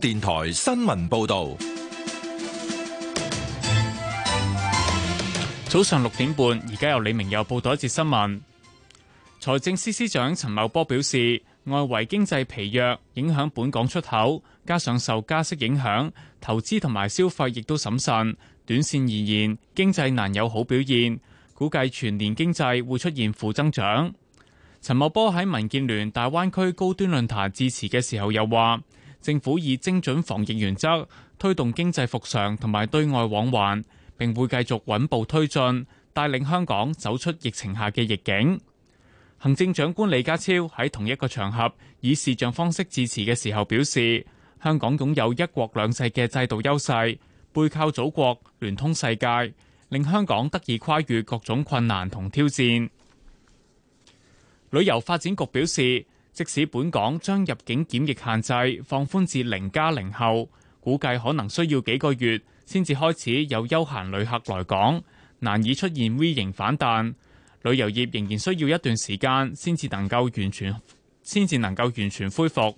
電台新聞報道，早上六點半，而家由李明又報道一節新聞。財政司司長陳茂波表示，外圍經濟疲弱影響本港出口，加上受加息影響，投資同埋消費亦都審慎。短線而言，經濟難有好表現，估計全年經濟會出現負增長。陳茂波喺民建聯大灣區高端論壇致辭嘅時候又話。政府以精準防疫原則推動經濟復常同埋對外往還，並會繼續穩步推進，帶領香港走出疫情下嘅逆境。行政長官李家超喺同一個場合以視像方式致辭嘅時候表示，香港擁有一國兩制嘅制度優勢，背靠祖國聯通世界，令香港得以跨越各種困難同挑戰。旅遊發展局表示。即使本港將入境檢疫限制放寬至零加零後，估計可能需要幾個月先至開始有休閒旅客來港，難以出現 V 型反彈。旅遊業仍然需要一段時間先至能夠完全先至能夠完全恢復。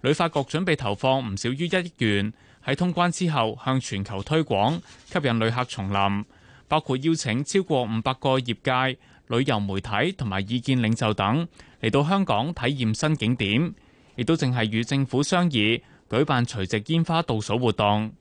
旅發局準備投放唔少於一億元，喺通關之後向全球推廣，吸引旅客重臨，包括邀請超過五百個業界旅遊媒體同埋意見領袖等嚟到香港體驗新景點，亦都正係與政府商議舉辦除夕煙花倒數活動。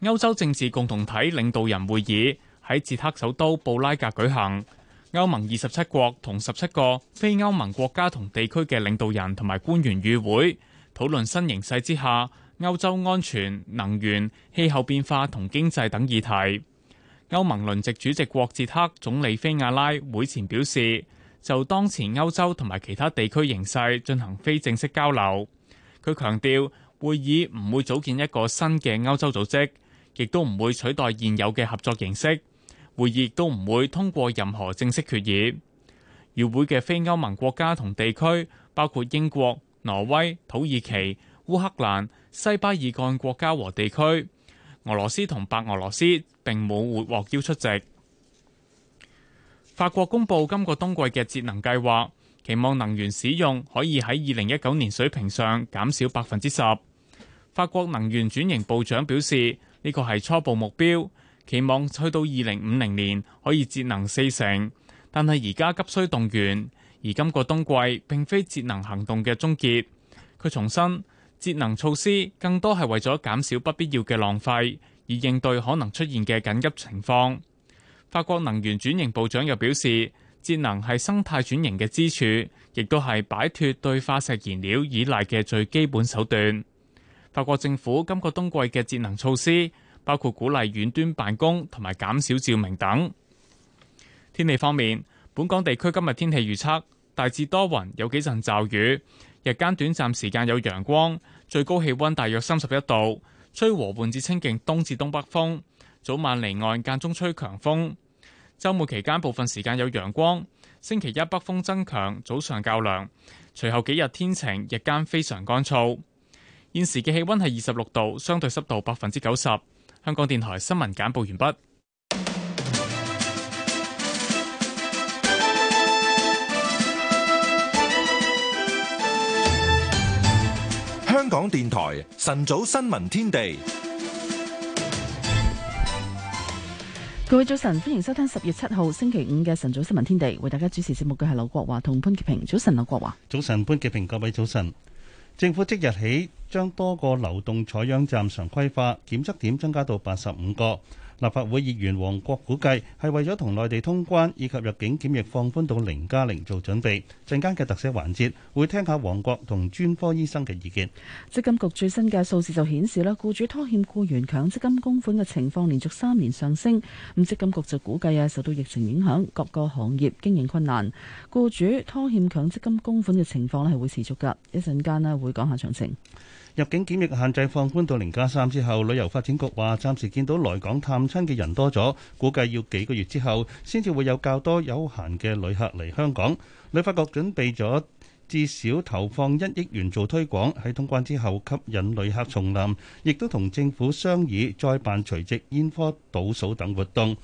歐洲政治共同體領導人會議喺捷克首都布拉格舉行，歐盟二十七國同十七個非歐盟國家同地區嘅領導人同埋官員與會，討論新形勢之下歐洲安全、能源、氣候變化同經濟等議題。歐盟輪值主席國捷克總理菲亞拉會前表示，就當前歐洲同埋其他地區形勢進行非正式交流。佢強調，會議唔會組建一個新嘅歐洲組織，亦都唔會取代現有嘅合作形式。會議亦都唔會通過任何正式決議。與會嘅非歐盟國家同地區包括英國、挪威、土耳其、烏克蘭、西巴爾幹國家和地區。俄羅斯同白俄羅斯並冇獲邀出席。法國公布今個冬季嘅節能計劃，期望能源使用可以喺二零一九年水平上減少百分之十。法國能源轉型部長表示，呢個係初步目標，期望去到二零五零年可以節能四成，但係而家急需動員，而今個冬季並非節能行動嘅終結。佢重申，節能措施更多係為咗減少不必要嘅浪費，而應對可能出現嘅緊急情況。法國能源轉型部長又表示，節能係生態轉型嘅支柱，亦都係擺脫對化石燃料依賴嘅最基本手段。法國政府今個冬季嘅節能措施包括鼓勵遠端辦公同埋減少照明等。天氣方面，本港地區今日天氣預測大致多雲，有幾陣驟雨，日間短暫時間有陽光。最高氣溫大約三十一度，吹和緩至清勁東至東北風，早晚離岸間中吹強風。周末期間部分時間有陽光，星期一北風增強，早上較涼，隨後幾日天晴，日間非常乾燥。現時嘅氣溫係二十六度，相對濕度百分之九十。香港電台新聞簡報完畢。香港電台晨早新聞天地，各位早晨，歡迎收聽十月七號星期五嘅晨早新聞天地，為大家主持節目嘅係劉國華同潘潔平。早晨，劉國華，早晨，潘潔平，各位早晨。政府即日起將多個流動採樣站常規化檢測點增加到八十五個。立法會議員黃國估計係為咗同內地通關以及入境檢疫放寬到零加零做準備。陣間嘅特色環節會聽下黃國同專科醫生嘅意見。積金局最新嘅數字就顯示咧，雇主拖欠僱員強積金供款嘅情況連續三年上升。咁積金局就估計啊，受到疫情影響，各個行業經營困難，雇主拖欠強積金供款嘅情況咧係會持續㗎。一陣間呢，會講下詳情。入境檢疫限制放寬到零加三之後，旅遊發展局話暫時見到來港探親嘅人多咗，估計要幾個月之後先至會有較多有閒嘅旅客嚟香港。旅發局準備咗至少投放一億元做推廣，喺通關之後吸引旅客重臨，亦都同政府商議再辦除夕煙花倒數等活動。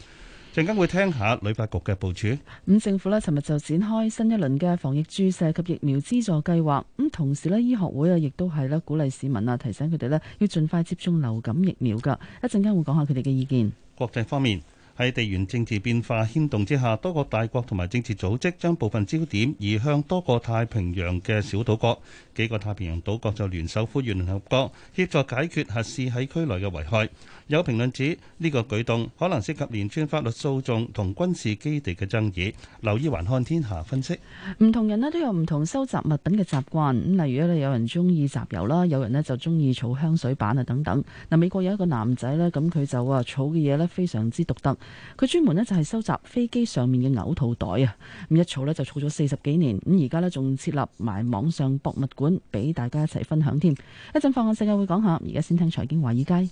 陣間會聽下旅發局嘅部署。咁政府咧，尋日就展開新一輪嘅防疫注射及疫苗資助計劃。咁同時咧，醫學會啊，亦都係咧鼓勵市民啊，提醒佢哋咧要盡快接種流感疫苗噶。會會一陣間會講下佢哋嘅意見。國際方面，喺地緣政治變化牽動之下，多個大國同埋政治組織將部分焦點移向多個太平洋嘅小島國。幾個太平洋島國就聯手呼籲聯合國協助解決核試喺區內嘅危害。有評論指呢個舉動可能涉及連串法律訴訟同軍事基地嘅爭議。留意環看天下分析，唔同人咧都有唔同收集物品嘅習慣。咁例如咧，有人中意集郵啦，有人咧就中意儲香水版啊等等。嗱，美國有一個男仔咧，咁佢就話儲嘅嘢咧非常之獨特。佢專門咧就係收集飛機上面嘅嘔吐袋啊。咁一儲咧就儲咗四十幾年。咁而家咧仲設立埋網上博物館俾大家一齊分享添。會會一陣放案世界會講下，而家先聽財經華爾街。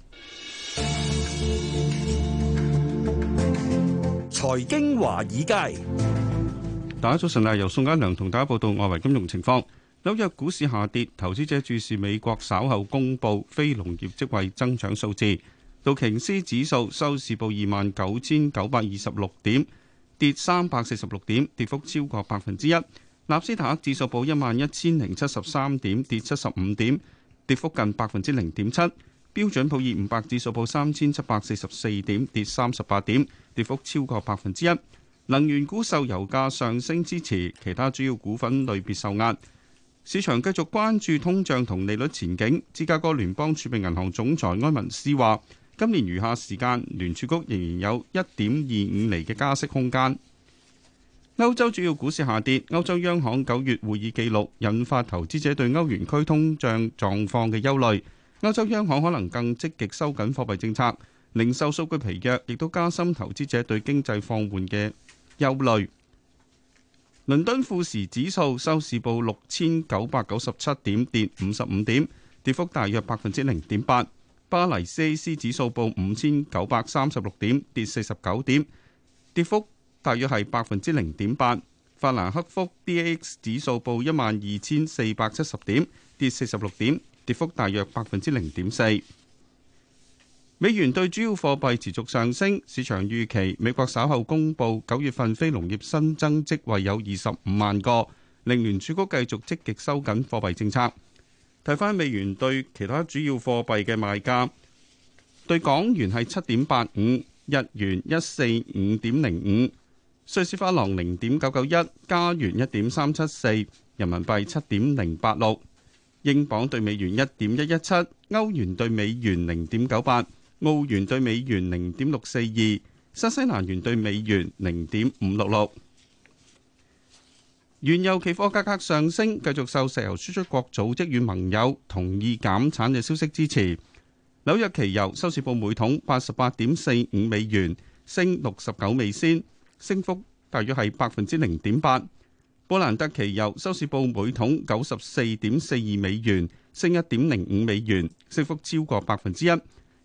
財經華爾街，大家早晨啊！由宋嘉良同大家報道外圍金融情況。紐約股市下跌，投資者注視美國稍後公布非農業職位增長數字。道瓊斯指數收市報二萬九千九百二十六點，跌三百四十六點，跌幅超過百分之一。納斯達克指數報一萬一千零七十三點，跌七十五點，跌幅近百分之零點七。標準普爾五百指數報三千七百四十四點，跌三十八點，跌幅超過百分之一。能源股受油價上升支持，其他主要股份類別受壓。市場繼續關注通脹同利率前景。芝加哥聯邦儲備銀行總裁埃文斯話，今年餘下時間，聯儲局仍然有一點二五厘嘅加息空間。歐洲主要股市下跌，歐洲央行九月會議記錄，引發投資者對歐元區通脹狀況嘅憂慮。歐洲央行可能更積極收緊貨幣政策，零售數據疲弱，亦都加深投資者對經濟放緩嘅憂慮。倫敦富時指數收市報六千九百九十七點，跌五十五點，跌幅大約百分之零點八。巴黎 CAC 指數報五千九百三十六點，跌四十九點，跌幅大約係百分之零點八。法蘭克福 DAX 指數報一萬二千四百七十點，跌四十六點。跌幅大約百分之零點四。美元對主要貨幣持續上升，市場預期美國稍後公布九月份非農業新增職位有二十五萬個，令聯儲局繼續積極收緊貨幣政策。睇返美元對其他主要貨幣嘅賣價，對港元係七點八五，日元一四五點零五，瑞士法郎零點九九一，加元一點三七四，人民幣七點零八六。英鎊兌美元一點一一七，歐元兌美元零點九八，澳元兌美元零點六四二，新西蘭元兌美元零點五六六。原油期貨價格上升，繼續受石油輸出國組織與盟友同意減產嘅消息支持。紐約期油收市報每桶八十八點四五美元，升六十九美仙，升幅大約係百分之零點八。布蘭特期油收市報每桶九十四點四二美元，升一點零五美元，升幅超過百分之一。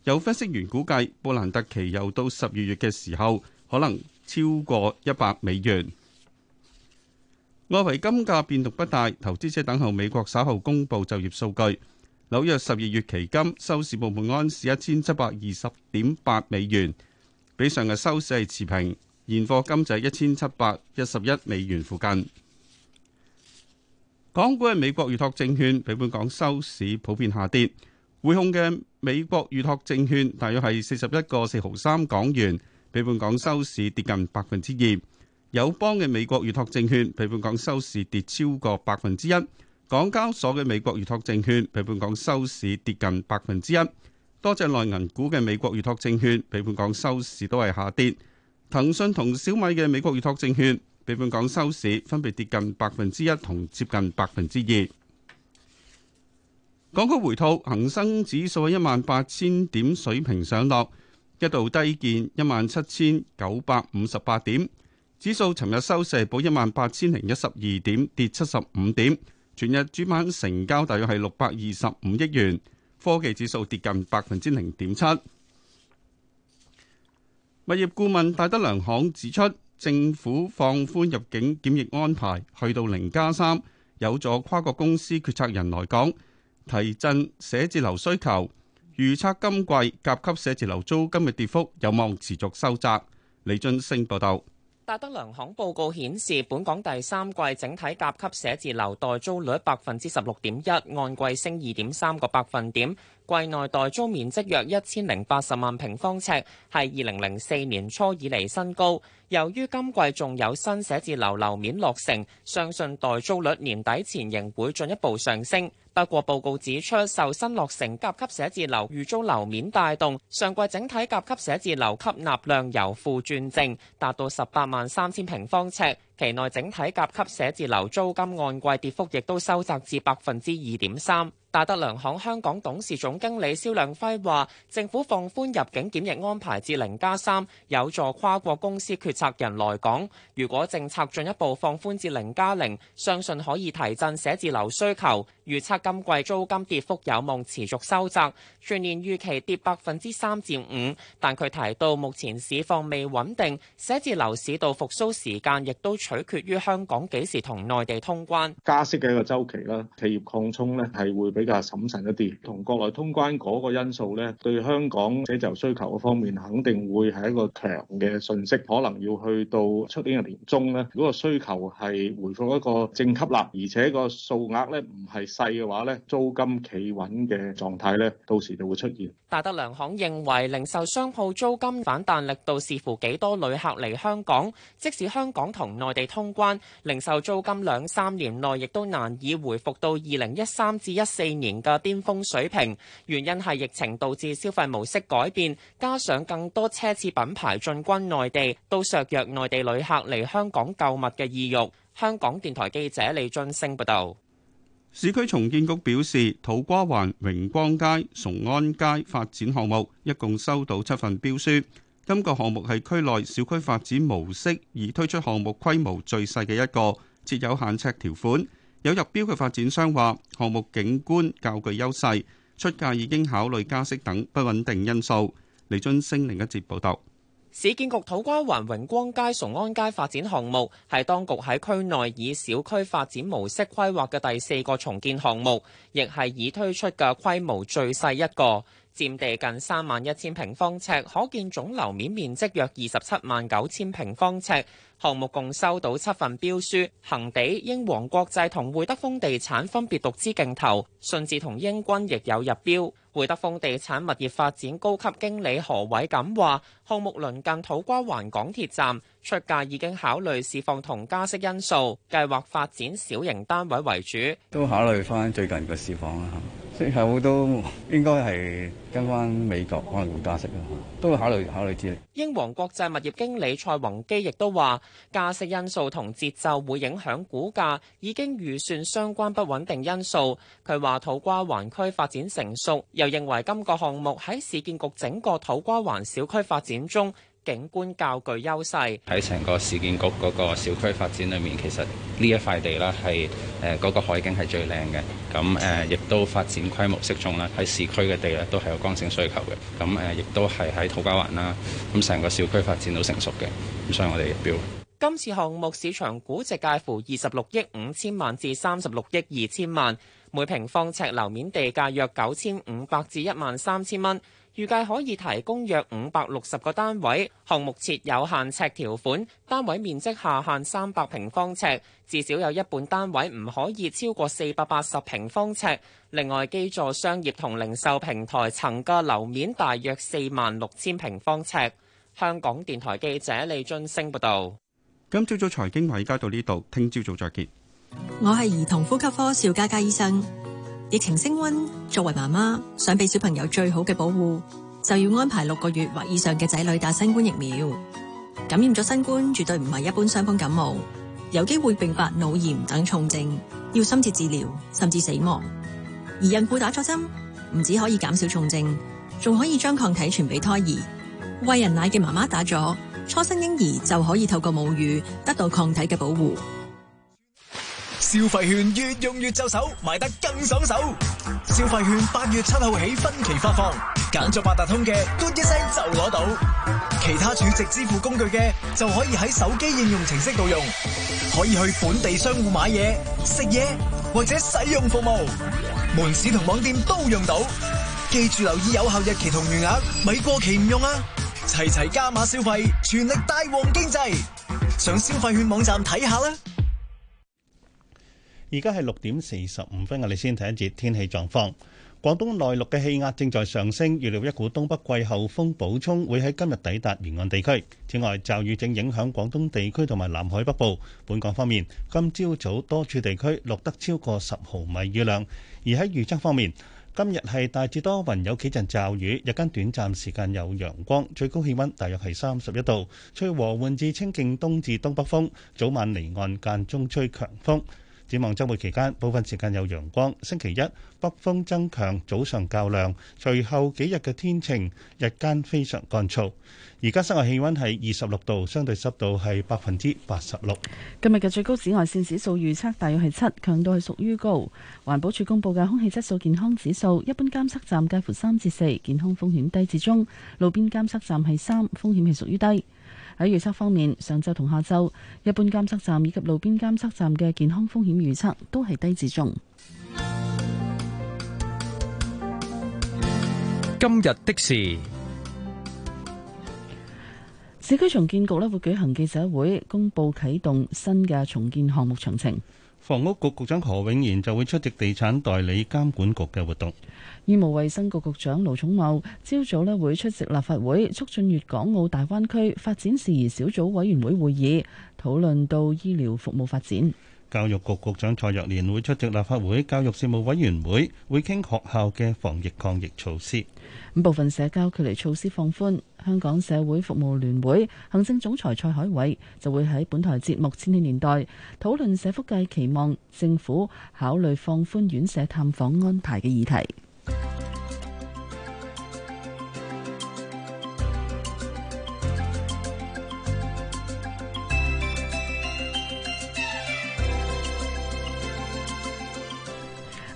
有分析員估計，布蘭特期油到十二月嘅時候可能超過一百美元。外圍金價變動不大，投資者等候美國稍後公布就業數據。紐約十二月期金收市報每安士一千七百二十點八美元，比上日收市持平。現貨金就係一千七百一十一美元附近。港股嘅美國預託證券，比本港收市普遍下跌。匯控嘅美國預託證券大約係四十一個四毫三港元，比本港收市跌近百分之二。友邦嘅美國預託證券比本港收市跌超過百分之一。港交所嘅美國預託證券比本港收市跌近百分之一。多隻內銀股嘅美國預託證券比本港收市都係下跌。騰訊同小米嘅美國預託證券，本港收市分別跌近百分之一同接近百分之二，港股回吐，恒生指數喺一萬八千點水平上落，一度低見一萬七千九百五十八點，指數尋日收市報一萬八千零一十二點，跌七十五點。全日主板成交大約係六百二十五億元，科技指數跌近百分之零點七。物業顧問戴德梁行指出，政府放寬入境檢疫安排，去到零加三，3，有助跨國公司決策人來港，提振寫字樓需求。預測今季甲級寫字樓租金嘅跌幅有望持續收窄。李俊升報道。達德良行報告顯示，本港第三季整體甲級寫字樓待租率百分之十六點一，按季升二點三個百分點。季內代租面積約一千零八十萬平方尺，係二零零四年初以嚟新高。由於今季仲有新寫字樓樓面落成，相信代租率年底前仍會進一步上升。不過報告指出，受新落成甲級寫字樓預租樓面帶動，上季整體甲級寫字樓吸納量由負轉正，達到十八萬三千平方尺。期內整體甲級寫字樓租金按季跌幅亦都收窄至百分之二點三。戴德梁行香港董事總經理蕭亮輝話，政府放寬入境檢疫安排至零加三，3，有助跨國公司決策人來港。如果政策進一步放寬至零加零，0，相信可以提振寫字樓需求。預測今季租金跌幅有望持續收窄，全年預期跌百分之三至五。但佢提到目前市況未穩定，寫字樓市道復甦時間亦都取決於香港幾時同內地通關。加息嘅一個周期啦，企業擴充呢係會比較審慎一啲，同國內通關嗰個因素呢，對香港寫字樓需求嘅方面肯定會係一個強嘅訊息，可能要去到出年嘅年中呢，如果需求係回復一個正吸納，而且個數額呢唔係細嘅話咧，租金企穩嘅狀態咧，到時就會出現。大德良行認為，零售商鋪租金反彈力度視乎幾多旅客嚟香港。即使香港同內地通關，零售租金兩三年內亦都難以回復到二零一三至一四年嘅巔峯水平。原因係疫情導致消費模式改變，加上更多奢侈品牌進軍內地，都削弱內地旅客嚟香港購物嘅意欲。香港電台記者李俊升報道。市區重建局表示，土瓜灣榮光街崇安街發展項目一共收到七份標書。今個項目係區內小區發展模式而推出項目規模最細嘅一個，設有限尺條款。有入標嘅發展商話，項目景觀較具優勢，出價已經考慮加息等不穩定因素。李津星另一節報導。市建局土瓜灣榮光街崇安街發展項目係當局喺區內以小區發展模式規劃嘅第四個重建項目，亦係已推出嘅規模最細一個，佔地近三萬一千平方尺，可建總樓面面積約二十七萬九千平方尺。項目共收到七份標書，恆地、英皇國際同匯德豐地產分別獨資競投，信置同英軍亦有入標。匯德豐地產物業發展高級經理何偉錦話，項目鄰近土瓜灣港鐵站，出價已經考慮市況同加息因素，計劃發展小型單位為主。都考慮翻最近嘅市況啦。最後都應該係跟翻美國可能會加息啦，都會考慮考慮之。英皇國際物業經理蔡宏基亦都話：加息因素同節奏會影響股價，已經預算相關不穩定因素。佢話土瓜灣區發展成熟，又認為今個項目喺市建局整個土瓜灣小區發展中。景觀較具優勢，喺成個市建局嗰個小區發展裏面，其實呢一塊地啦，係誒嗰個海景係最靚嘅。咁誒，亦、呃、都發展規模適中啦。喺市區嘅地咧，呃、都係有剛性需求嘅。咁、啊、誒，亦都係喺土瓜灣啦。咁成個小區發展到成熟嘅，咁所以我哋亦標今次項目市場估值介乎二十六億五千萬至三十六億二千萬，每平方尺樓面地價約九千五百至一萬三千蚊。預計可以提供約五百六十個單位，項目設有限尺條款，單位面積下限三百平方尺，至少有一半單位唔可以超過四百八十平方尺。另外，基座商業同零售平台層嘅樓面大約四萬六千平方尺。香港電台記者李津升報道：「今朝早財經委間到呢度，聽朝早再見。」我係兒童呼吸科邵嘉嘉醫生。疫情升溫，作為媽媽想俾小朋友最好嘅保護，就要安排六個月或以上嘅仔女打新冠疫苗。感染咗新冠絕對唔係一般傷風感冒，有機會併發腦炎等重症，要深切治療甚至死亡。而孕婦打咗針，唔止可以減少重症，仲可以將抗體傳俾胎兒。餵人奶嘅媽媽打咗，初生嬰兒就可以透過母乳得到抗體嘅保護。消費券越用越就手，買得更爽手。消費券八月七號起分期發放，揀咗八達通嘅，嘟一聲就攞到；其他儲值支付工具嘅，就可以喺手機應用程式度用。可以去本地商戶買嘢、食嘢或者使用服務，門市同網店都用到。記住留意有效日期同餘額，咪過期唔用啊！齊齊加碼消費，全力帶旺經濟，上消費券網站睇下啦。而家係六點四十五分，我哋先睇一節天氣狀況。廣東內陸嘅氣壓正在上升，預料一股東北季候風補充會喺今日抵達沿岸地區。此外，驟雨正影響廣東地區同埋南海北部。本港方面，今朝早多處地區錄得超過十毫米雨量。而喺預測方面，今日係大致多雲，有幾陣驟雨，日間短暫時間有陽光，最高氣温大約係三十一度，吹和緩至清勁東至東北風，早晚離岸間中吹強風。展望周末期間，部分時間有陽光。星期一北風增強，早上較涼。隨後幾日嘅天晴，日間非常乾燥。而家室外氣温係二十六度，相對濕度係百分之八十六。今日嘅最高紫外線指數預測大約係七，強度係屬於高。環保署公佈嘅空氣質素健康指數，一般監測站介乎三至四，健康風險低至中；路邊監測站係三，風險係屬於低。喺預測方面，上周同下周，一般監測站以及路邊監測站嘅健康風險預測都係低至中。今日的事，市區重建局呢會舉行記者會，公布啟動新嘅重建項目詳情。房屋局局長何永賢就會出席地產代理監管局嘅活動。醫務衛生局局長盧寵茂朝早呢會出席立法會促進粵港澳大灣區發展事宜小組委員會會議，討論到醫療服務發展。教育局局長蔡若蓮會出席立法會教育事務委員會，會傾學校嘅防疫抗疫措施。部分社交距離措施放寬，香港社會服務聯會行政總裁蔡海偉就會喺本台節目《千禧年代》討論社福界期望政府考慮放寬院舍探訪安排嘅議題。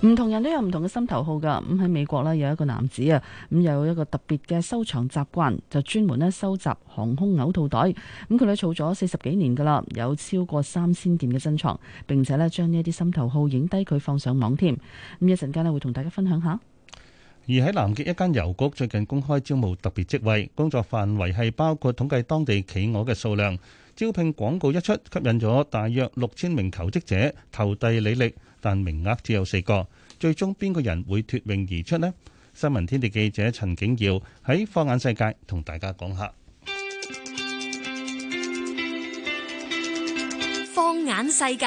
唔同人都有唔同嘅心頭好噶，咁喺美國咧有一個男子啊，咁有一個特別嘅收藏習慣，就專門咧收集航空嘔吐袋，咁佢哋儲咗四十幾年噶啦，有超過三千件嘅珍藏，並且咧將呢一啲心頭好影低佢放上網添，咁一陣間咧會同大家分享下。而喺南極一間郵局最近公開招募特別職位，工作範圍係包括統計當地企鵝嘅數量。招聘廣告一出，吸引咗大約六千名求職者投遞履歷。但名額只有四個，最終邊個人會脱穎而出呢？新聞天地記者陳景耀喺放眼世界同大家講下。放眼世界，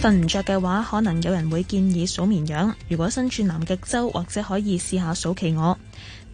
瞓唔着嘅話，可能有人會建議數綿羊。如果身處南極洲，或者可以試下數企鵝。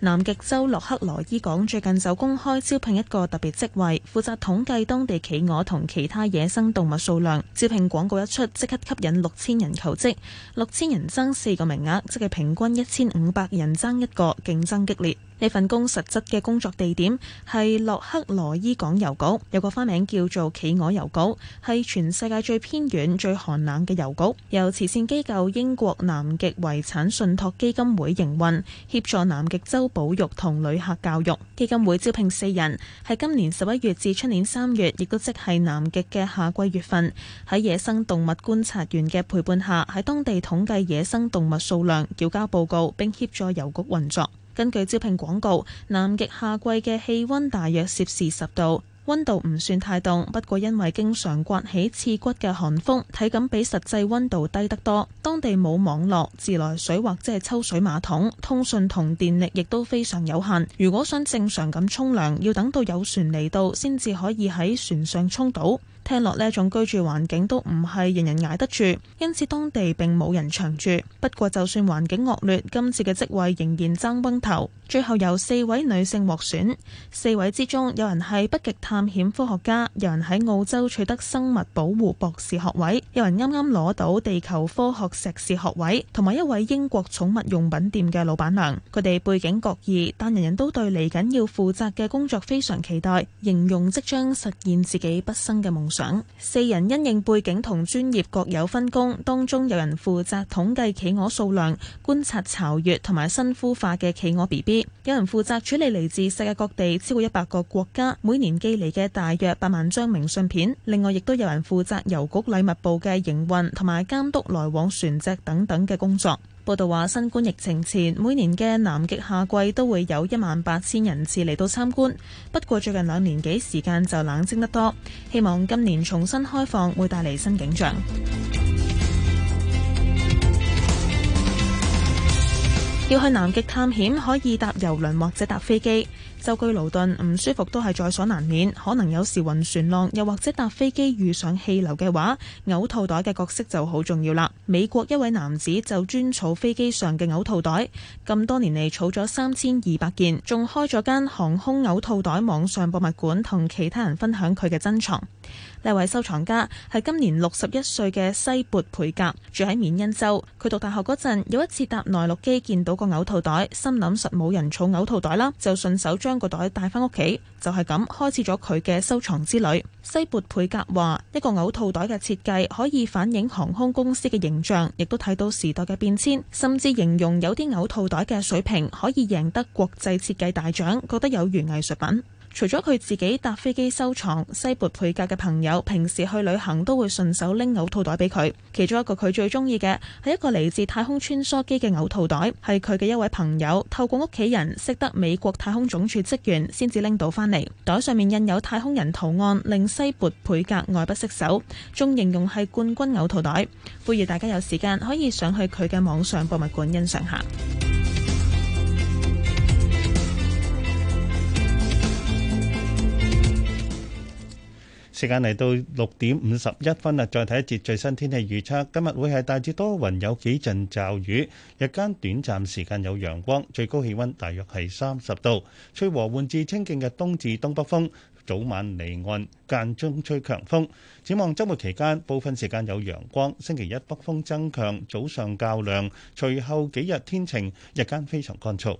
南極洲洛克羅伊港最近就公開招聘，一個特別職位，負責統計當地企鵝同其他野生動物數量。招聘廣告一出，即刻吸引六千人求職，六千人爭四個名額，即係平均一千五百人爭一個，競爭激烈。呢份工實質嘅工作地點係洛克羅伊港郵局，有個花名叫做企鵝郵局，係全世界最偏遠、最寒冷嘅郵局，由慈善機構英國南極遺產信託基金會營運，協助南極洲保育同旅客教育。基金會招聘四人，喺今年十一月至出年三月，亦都即係南極嘅夏季月份，喺野生動物觀察員嘅陪伴下，喺當地統計野生動物數量，繳交報告，並協助郵局運作。根據招聘廣告，南極夏季嘅氣温大約攝氏十度，温度唔算太凍，不過因為經常刮起刺骨嘅寒風，體感比實際温度低得多。當地冇網絡、自來水或者係抽水馬桶，通訊同電力亦都非常有限。如果想正常咁沖涼，要等到有船嚟到先至可以喺船上沖到。聽落呢一種居住環境都唔係人人挨得住，因此當地並冇人長住。不過就算環境惡劣，今次嘅職位仍然爭崩頭。最後由四位女性獲選，四位之中有人係北極探險科學家，有人喺澳洲取得生物保護博士學位，有人啱啱攞到地球科學碩士學位，同埋一位英國寵物用品店嘅老闆娘。佢哋背景各異，但人人都對嚟緊要負責嘅工作非常期待，形容即將實現自己畢生嘅夢想。四人因應背景同專業各有分工，當中有人負責統計企鵝數量、觀察巢穴同埋新孵化嘅企鵝 BB，有人負責處理嚟自世界各地超過一百個國家每年寄嚟嘅大約八萬張明信片，另外亦都有人負責郵局禮物部嘅營運同埋監督來往船隻等等嘅工作。報道話，新冠疫情前，每年嘅南極夏季都會有一萬八千人次嚟到參觀。不過最近兩年幾時間就冷清得多，希望今年重新開放會帶嚟新景象。 要去南極探險，可以搭郵輪或者搭飛機。舟車勞頓唔舒服都係在所難免，可能有時暈船浪，又或者搭飛機遇上氣流嘅話，嘔吐袋嘅角色就好重要啦。美國一位男子就專儲飛機上嘅嘔吐袋，咁多年嚟儲咗三千二百件，仲開咗間航空嘔吐袋網上博物館，同其他人分享佢嘅珍藏。呢位收藏家係今年六十一歲嘅西勃佩格，住喺緬因州。佢讀大學嗰陣有一次搭內陸機見到個嘔吐袋，心諗實冇人儲嘔吐袋啦，就順手將個袋帶翻屋企，就係咁開始咗佢嘅收藏之旅。西勃佩格話一個嘔吐袋嘅設計可以反映航空公司嘅形象，亦都睇到時代嘅變遷，甚至形容有啲嘔吐袋嘅水平可以贏得國際設計大獎，覺得有如藝術品。除咗佢自己搭飛機收藏，西勃佩格嘅朋友平時去旅行都會順手拎嘔吐袋俾佢。其中一個佢最中意嘅係一個嚟自太空穿梭機嘅嘔吐袋，係佢嘅一位朋友透過屋企人識得美國太空總署職員先至拎到翻嚟。袋上面印有太空人圖案，令西勃佩格愛不釋手，仲形容係冠軍嘔吐袋。呼籲大家有時間可以上去佢嘅網上博物館欣賞下。時間嚟到六點五十一分啦，再睇一節最新天氣預測。今日會係大致多雲，有幾陣驟雨，日間短暫時間有陽光，最高氣温大約係三十度，吹和緩至清勁嘅東至東北風，早晚離岸間中吹強風。展望週末期間部分時間有陽光，星期一北風增強，早上較涼，隨後幾日天晴，日間非常乾燥。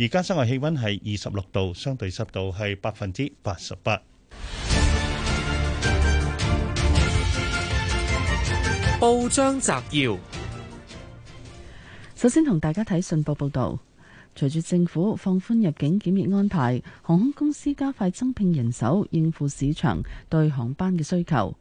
而家室外氣温係二十六度，相對濕度係百分之八十八。報章摘要：首先同大家睇信報報道，隨住政府放寬入境檢疫安排，航空公司加快增聘人手，應付市場對航班嘅需求。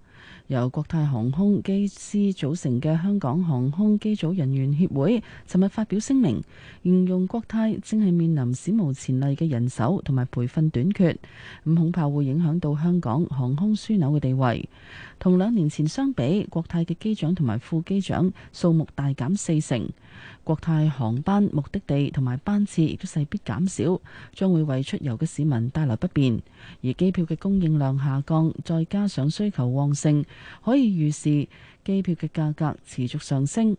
由國泰航空機師組成嘅香港航空機組人員協會尋日發表聲明，形容國泰正係面臨史無前例嘅人手同埋培訓短缺，咁恐怕會影響到香港航空樞紐嘅地位。同兩年前相比，國泰嘅機長同埋副機長數目大減四成。國泰航班目的地同埋班次亦都勢必減少，將會為出遊嘅市民帶來不便。而機票嘅供應量下降，再加上需求旺盛，可以預示機票嘅價格持續上升。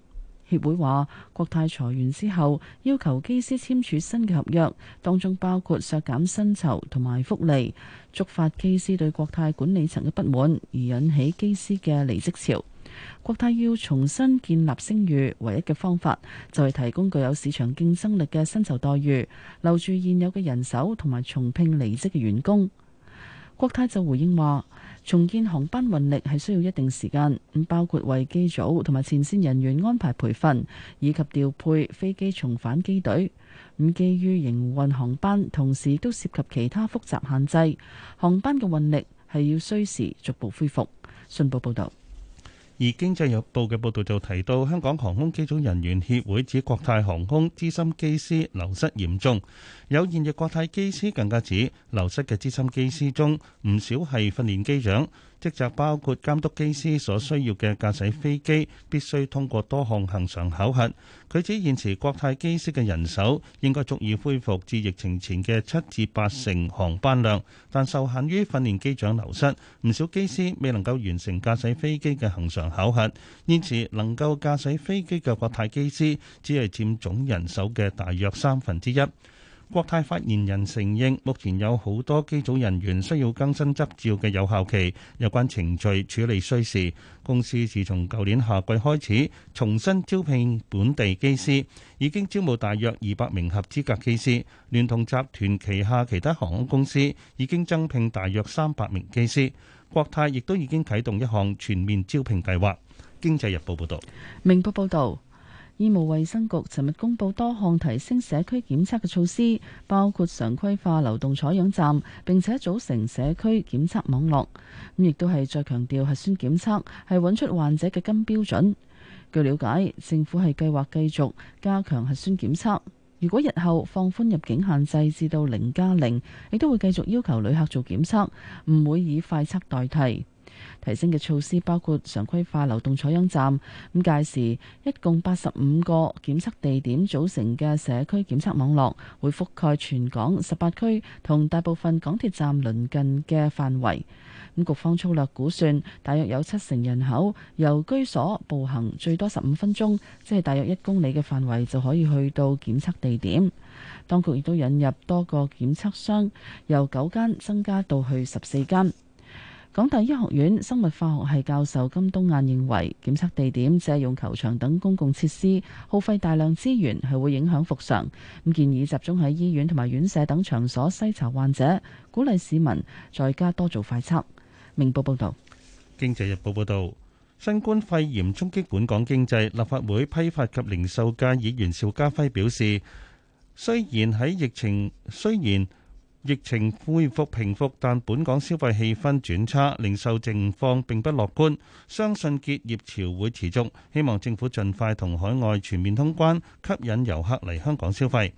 協會話，國泰裁員之後，要求機師簽署新嘅合約，當中包括削減薪酬同埋福利，觸發機師對國泰管理層嘅不滿，而引起機師嘅離職潮。國泰要重新建立聲譽，唯一嘅方法就係提供具有市場競爭力嘅薪酬待遇，留住現有嘅人手，同埋重聘離職嘅員工。國泰就回應話，重建航班運力係需要一定時間，咁包括為機組同埋前線人員安排培訓以及調配飛機重返機隊。咁基於營運航班，同時都涉及其他複雜限制，航班嘅運力係要需時逐步恢復。信報報道。而經濟日報嘅報導就提到，香港航空機組人員協會指國泰航空資深機師流失嚴重，有現役國泰機師更加指流失嘅資深機師中，唔少係訓練機長。職責包括監督機師所需要嘅駕駛飛機，必須通過多項恆常考核。佢指現時國泰機師嘅人手應該足以恢復至疫情前嘅七至八成航班量，但受限於訓練機長流失，唔少機師未能夠完成駕駛飛機嘅恆常考核，現時能夠駕駛飛機嘅國泰機師只係佔總人手嘅大約三分之一。國泰發言人承認，目前有好多機組人員需要更新執照嘅有效期，有關程序處理需時。公司自從舊年夏季開始重新招聘本地機師，已經招募大約二百名合資格機師。聯同集團旗下其他航空公司，已經增聘大約三百名機師。國泰亦都已經啟動一項全面招聘計劃。經濟日報報道。明報報道。醫務衛生局尋日公布多項提升社區檢測嘅措施，包括常規化流動採樣站，並且組成社區檢測網絡。咁亦都係再強調核酸檢測係揾出患者嘅金標準。據了解，政府係計劃繼續加強核酸檢測。如果日後放寬入境限制至到零加零，亦都會繼續要求旅客做檢測，唔會以快測代替。提升嘅措施包括常規化流動採樣站，咁屆時一共八十五個檢測地點組成嘅社區檢測網絡會覆蓋全港十八區同大部分港鐵站鄰近嘅範圍，咁局方粗略估算，大約有七成人口由居所步行最多十五分鐘，即係，大約一公里嘅範圍就可以去到檢測地點，當局亦都引入多個檢測商，由九間增加到去十四間。港大醫學院生物化學系教授金冬雁認為，檢測地點借用球場等公共設施，耗費大量資源，係會影響復常。咁建議集中喺醫院同埋院舍等場所篩查患者，鼓勵市民在家多做快測。明報報道，經濟日報報道，新冠肺炎衝擊本港經濟。立法會批發及零售界議員邵家輝表示，雖然喺疫情，雖然。疫情恢復平復，但本港消費氣氛轉差，零售情況並不樂觀。相信結業潮會持續，希望政府盡快同海外全面通關，吸引遊客嚟香港消費。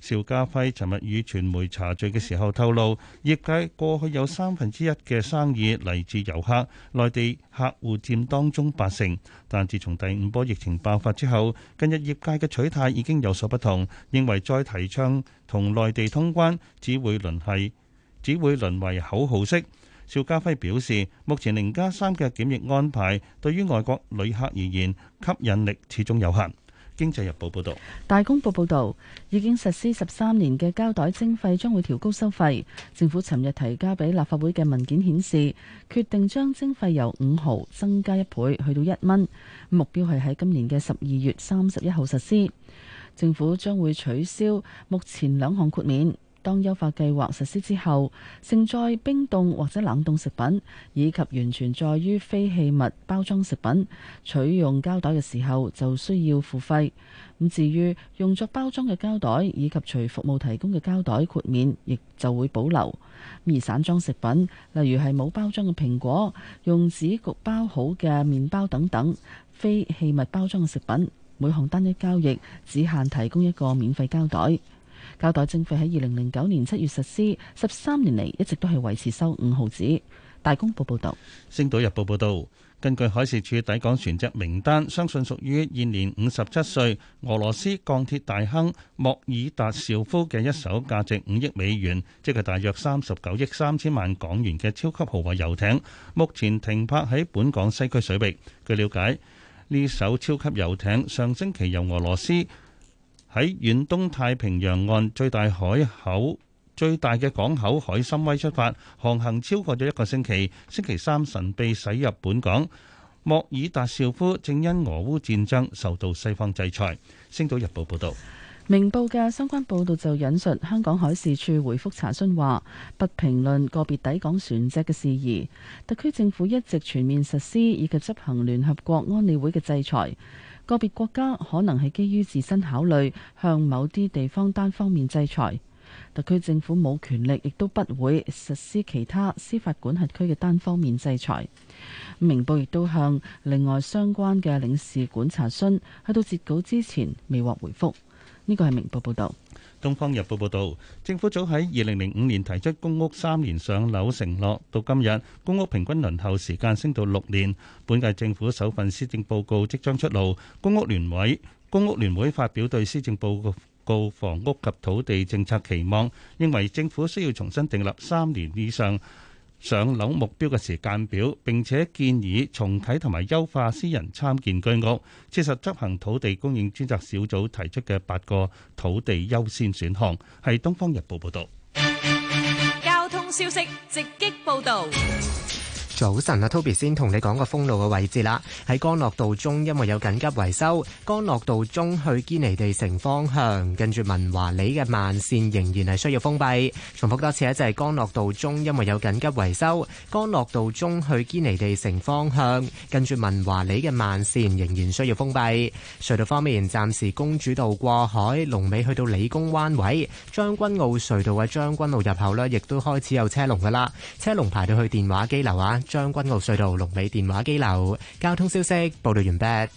邵家輝尋日與傳媒茶敍嘅時候透露，業界過去有三分之一嘅生意嚟自遊客，內地客戶佔當中八成。但自從第五波疫情爆發之後，近日業界嘅取態已經有所不同，認為再提倡同內地通關，只會淪係只會淪為口號式。邵家輝表示，目前零加三嘅檢疫安排對於外國旅客而言，吸引力始終有限。經濟日報報道，大公報報道，已經實施十三年嘅膠袋徵費將會調高收費。政府尋日提交俾立法會嘅文件顯示，決定將徵費由五毫增加一倍去到一蚊，目標係喺今年嘅十二月三十一號實施。政府將會取消目前兩項豁免。當優化計劃實施之後，盛載冰凍或者冷凍食品以及完全在於非器物包裝食品，取用膠袋嘅時候就需要付費。咁至於用作包裝嘅膠袋以及隨服務提供嘅膠袋豁免，亦就會保留。而散裝食品，例如係冇包裝嘅蘋果、用紙局包好嘅麵包等等，非器物包裝嘅食品，每項單一交易只限提供一個免費膠袋。交代政府喺二零零九年七月實施十三年嚟一直都係維持收五毫紙。大公報報道，《星島日報》報道，根據海事處抵港船隻名單，相信屬於現年五十七歲俄羅斯鋼鐵大亨莫爾達紹夫嘅一艘價值五億美元，即係大約三十九億三千萬港元嘅超級豪華遊艇，目前停泊喺本港西區水域。據了解，呢艘超級遊艇上星期由俄羅斯喺遠東太平洋岸最大海口，最大嘅港口海參崴出發，航行超過咗一個星期，星期三神秘駛入本港。莫爾達紹夫正因俄烏戰爭受到西方制裁。《星島日報》報道，明報嘅相關報道就引述香港海事處回覆查詢話，不評論個別抵港船隻嘅事宜。特區政府一直全面實施以及執行聯合國安理會嘅制裁。個別國家可能係基於自身考慮，向某啲地方單方面制裁，特區政府冇權力，亦都不會實施其他司法管轄區嘅單方面制裁。明報亦都向另外相關嘅領事館查詢，去到截稿之前未獲回覆。呢個係明報報道。《東方日報》報導，政府早喺2005年提出公屋三年上樓承諾，到今日公屋平均輪候時間升到六年。本屆政府首份施政報告即將出爐，公屋聯委公屋聯會發表對施政報告房屋及土地政策期望，認為政府需要重新訂立三年以上上樓目標嘅時間表，並且建議重啟同埋優化私人參建居屋，切實執行土地供應專責小組提出嘅八個土地優先選項。係《東方日報》報道。交通消息直擊報道。早晨啊，Toby 先同你講個封路嘅位置啦。喺干諾道中，因為有緊急維修，干諾道中去堅尼地城方向，跟住文華里嘅慢綫仍然係需要封閉。重複多次咧，就係干諾道中因為有緊急維修，干諾道中去堅尼地城方向，跟住文華里嘅慢綫仍然需要封閉。隧道方面，暫時公主道過海龍尾去到理工灣位，將軍澳隧道嘅將軍澳入口呢，亦都開始有車龍噶啦，車龍排到去電話機樓啊！將軍澳隧道龍尾電話機樓，交通消息報道完畢。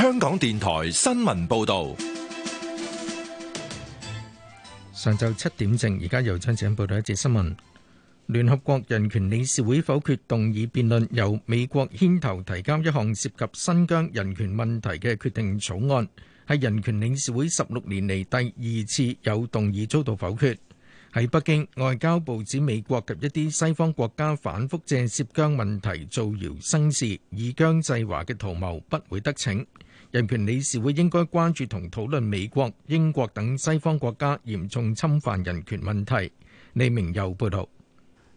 香港電台新聞報道。上晝七點正，而家又將請報道一節新聞。聯合國人權理事會否決動議辯論，由美國牽頭提交一項涉及新疆人權問題嘅決定草案，係人權理事會十六年嚟第二次有動議遭到否決。喺北京，外交部指美國及一啲西方國家反覆借涉疆問題造謠生事、以疆制華嘅圖謀不會得逞。人權理事會應該關注同討論美國、英國等西方國家嚴重侵犯人權問題。李明又報導。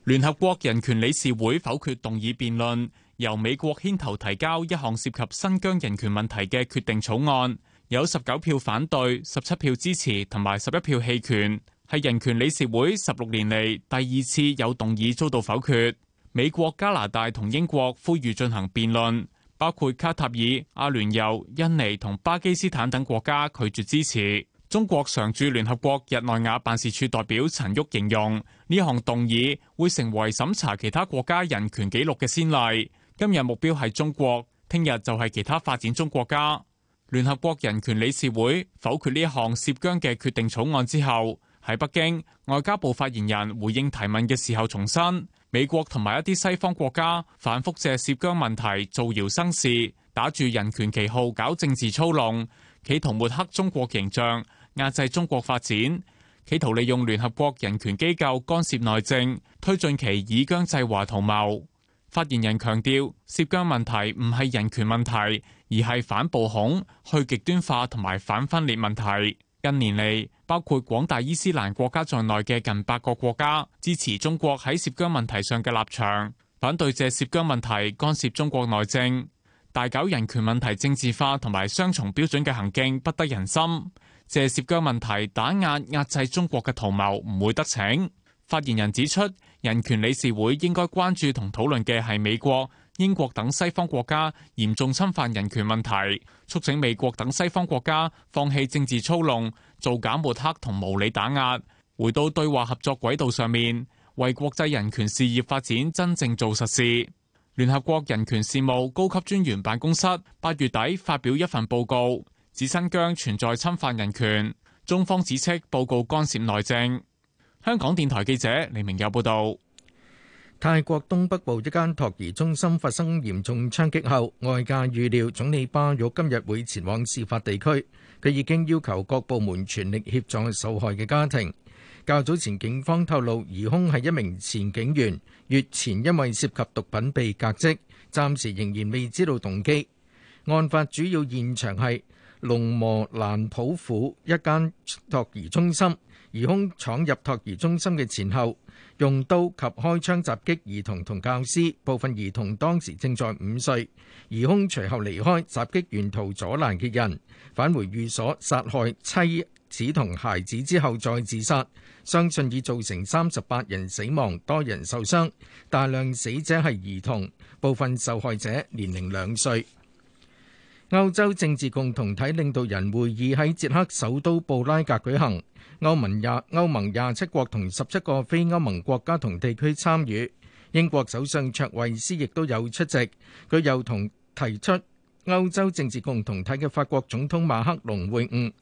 聯合國人權理事會否決動議辯論，由美國牽頭提交一項涉及新疆人權問題嘅決定草案，有十九票反對、十七票支持同埋十一票棄權，係人權理事會十六年嚟第二次有動議遭到否決。美國、加拿大同英國呼籲進行辯論，包括卡塔爾、阿聯酋、印尼同巴基斯坦等國家拒絕支持。中國常駐聯合國日內瓦辦事處代表陳旭形容呢項動議會成為審查其他國家人權紀錄嘅先例。今日目標係中國，聽日就係其他發展中國家。聯合國人權理事會否決呢項涉疆嘅決定草案之後，喺北京外交部發言人回應提問嘅時候重申，美國同埋一啲西方國家反覆借涉疆問題造謠生事，打住人權旗號搞政治操弄，企圖抹黑中國形象。壓制中國發展，企圖利用聯合國人權機構干涉內政，推進其以疆制華圖謀。發言人強調，涉疆問題唔係人權問題，而係反暴恐、去極端化同埋反分裂問題。近年嚟，包括廣大伊斯蘭國家在內嘅近百個國家支持中國喺涉疆問題上嘅立場，反對借涉疆問題干涉中國內政，大搞人權問題政治化同埋雙重標準嘅行徑，不得人心。借涉疆問題打壓壓制中國嘅圖謀唔會得逞。發言人指出，人權理事會應該關注同討論嘅係美國、英國等西方國家嚴重侵犯人權問題，促請美國等西方國家放棄政治操弄、造假抹黑同無理打壓，回到對話合作軌道上面，為國際人權事業發展真正做實事。聯合國人權事務高級專員辦公室八月底發表一份報告。指新疆存在侵犯人權，中方指斥報告干涉內政。香港電台記者李明友報道：泰國東北部一間托兒中心發生嚴重槍擊後，外界預料總理巴育今日會前往事發地區。佢已經要求各部門全力協助受害嘅家庭。較早前警方透露，疑兇係一名前警員，月前因為涉及毒品被革職，暫時仍然未知道動機。案發主要現場係龍磨蘭普府一間托兒中心，疑凶闖入托兒中心嘅前後，用刀及開槍襲擊兒童同教師，部分兒童當時正在午睡。疑凶隨後離開，襲擊沿途阻攔嘅人，返回寓所殺害妻子同孩子之後再自殺。相信已造成三十八人死亡，多人受傷，大量死者係兒童，部分受害者年齡兩歲。歐洲政治共同體領導人會議喺捷克首都布拉格舉行，歐盟廿歐盟廿七國同十七個非歐盟國家同地區參與，英國首相卓慧思亦都有出席。佢又同提出歐洲政治共同體嘅法國總統馬克龍會晤。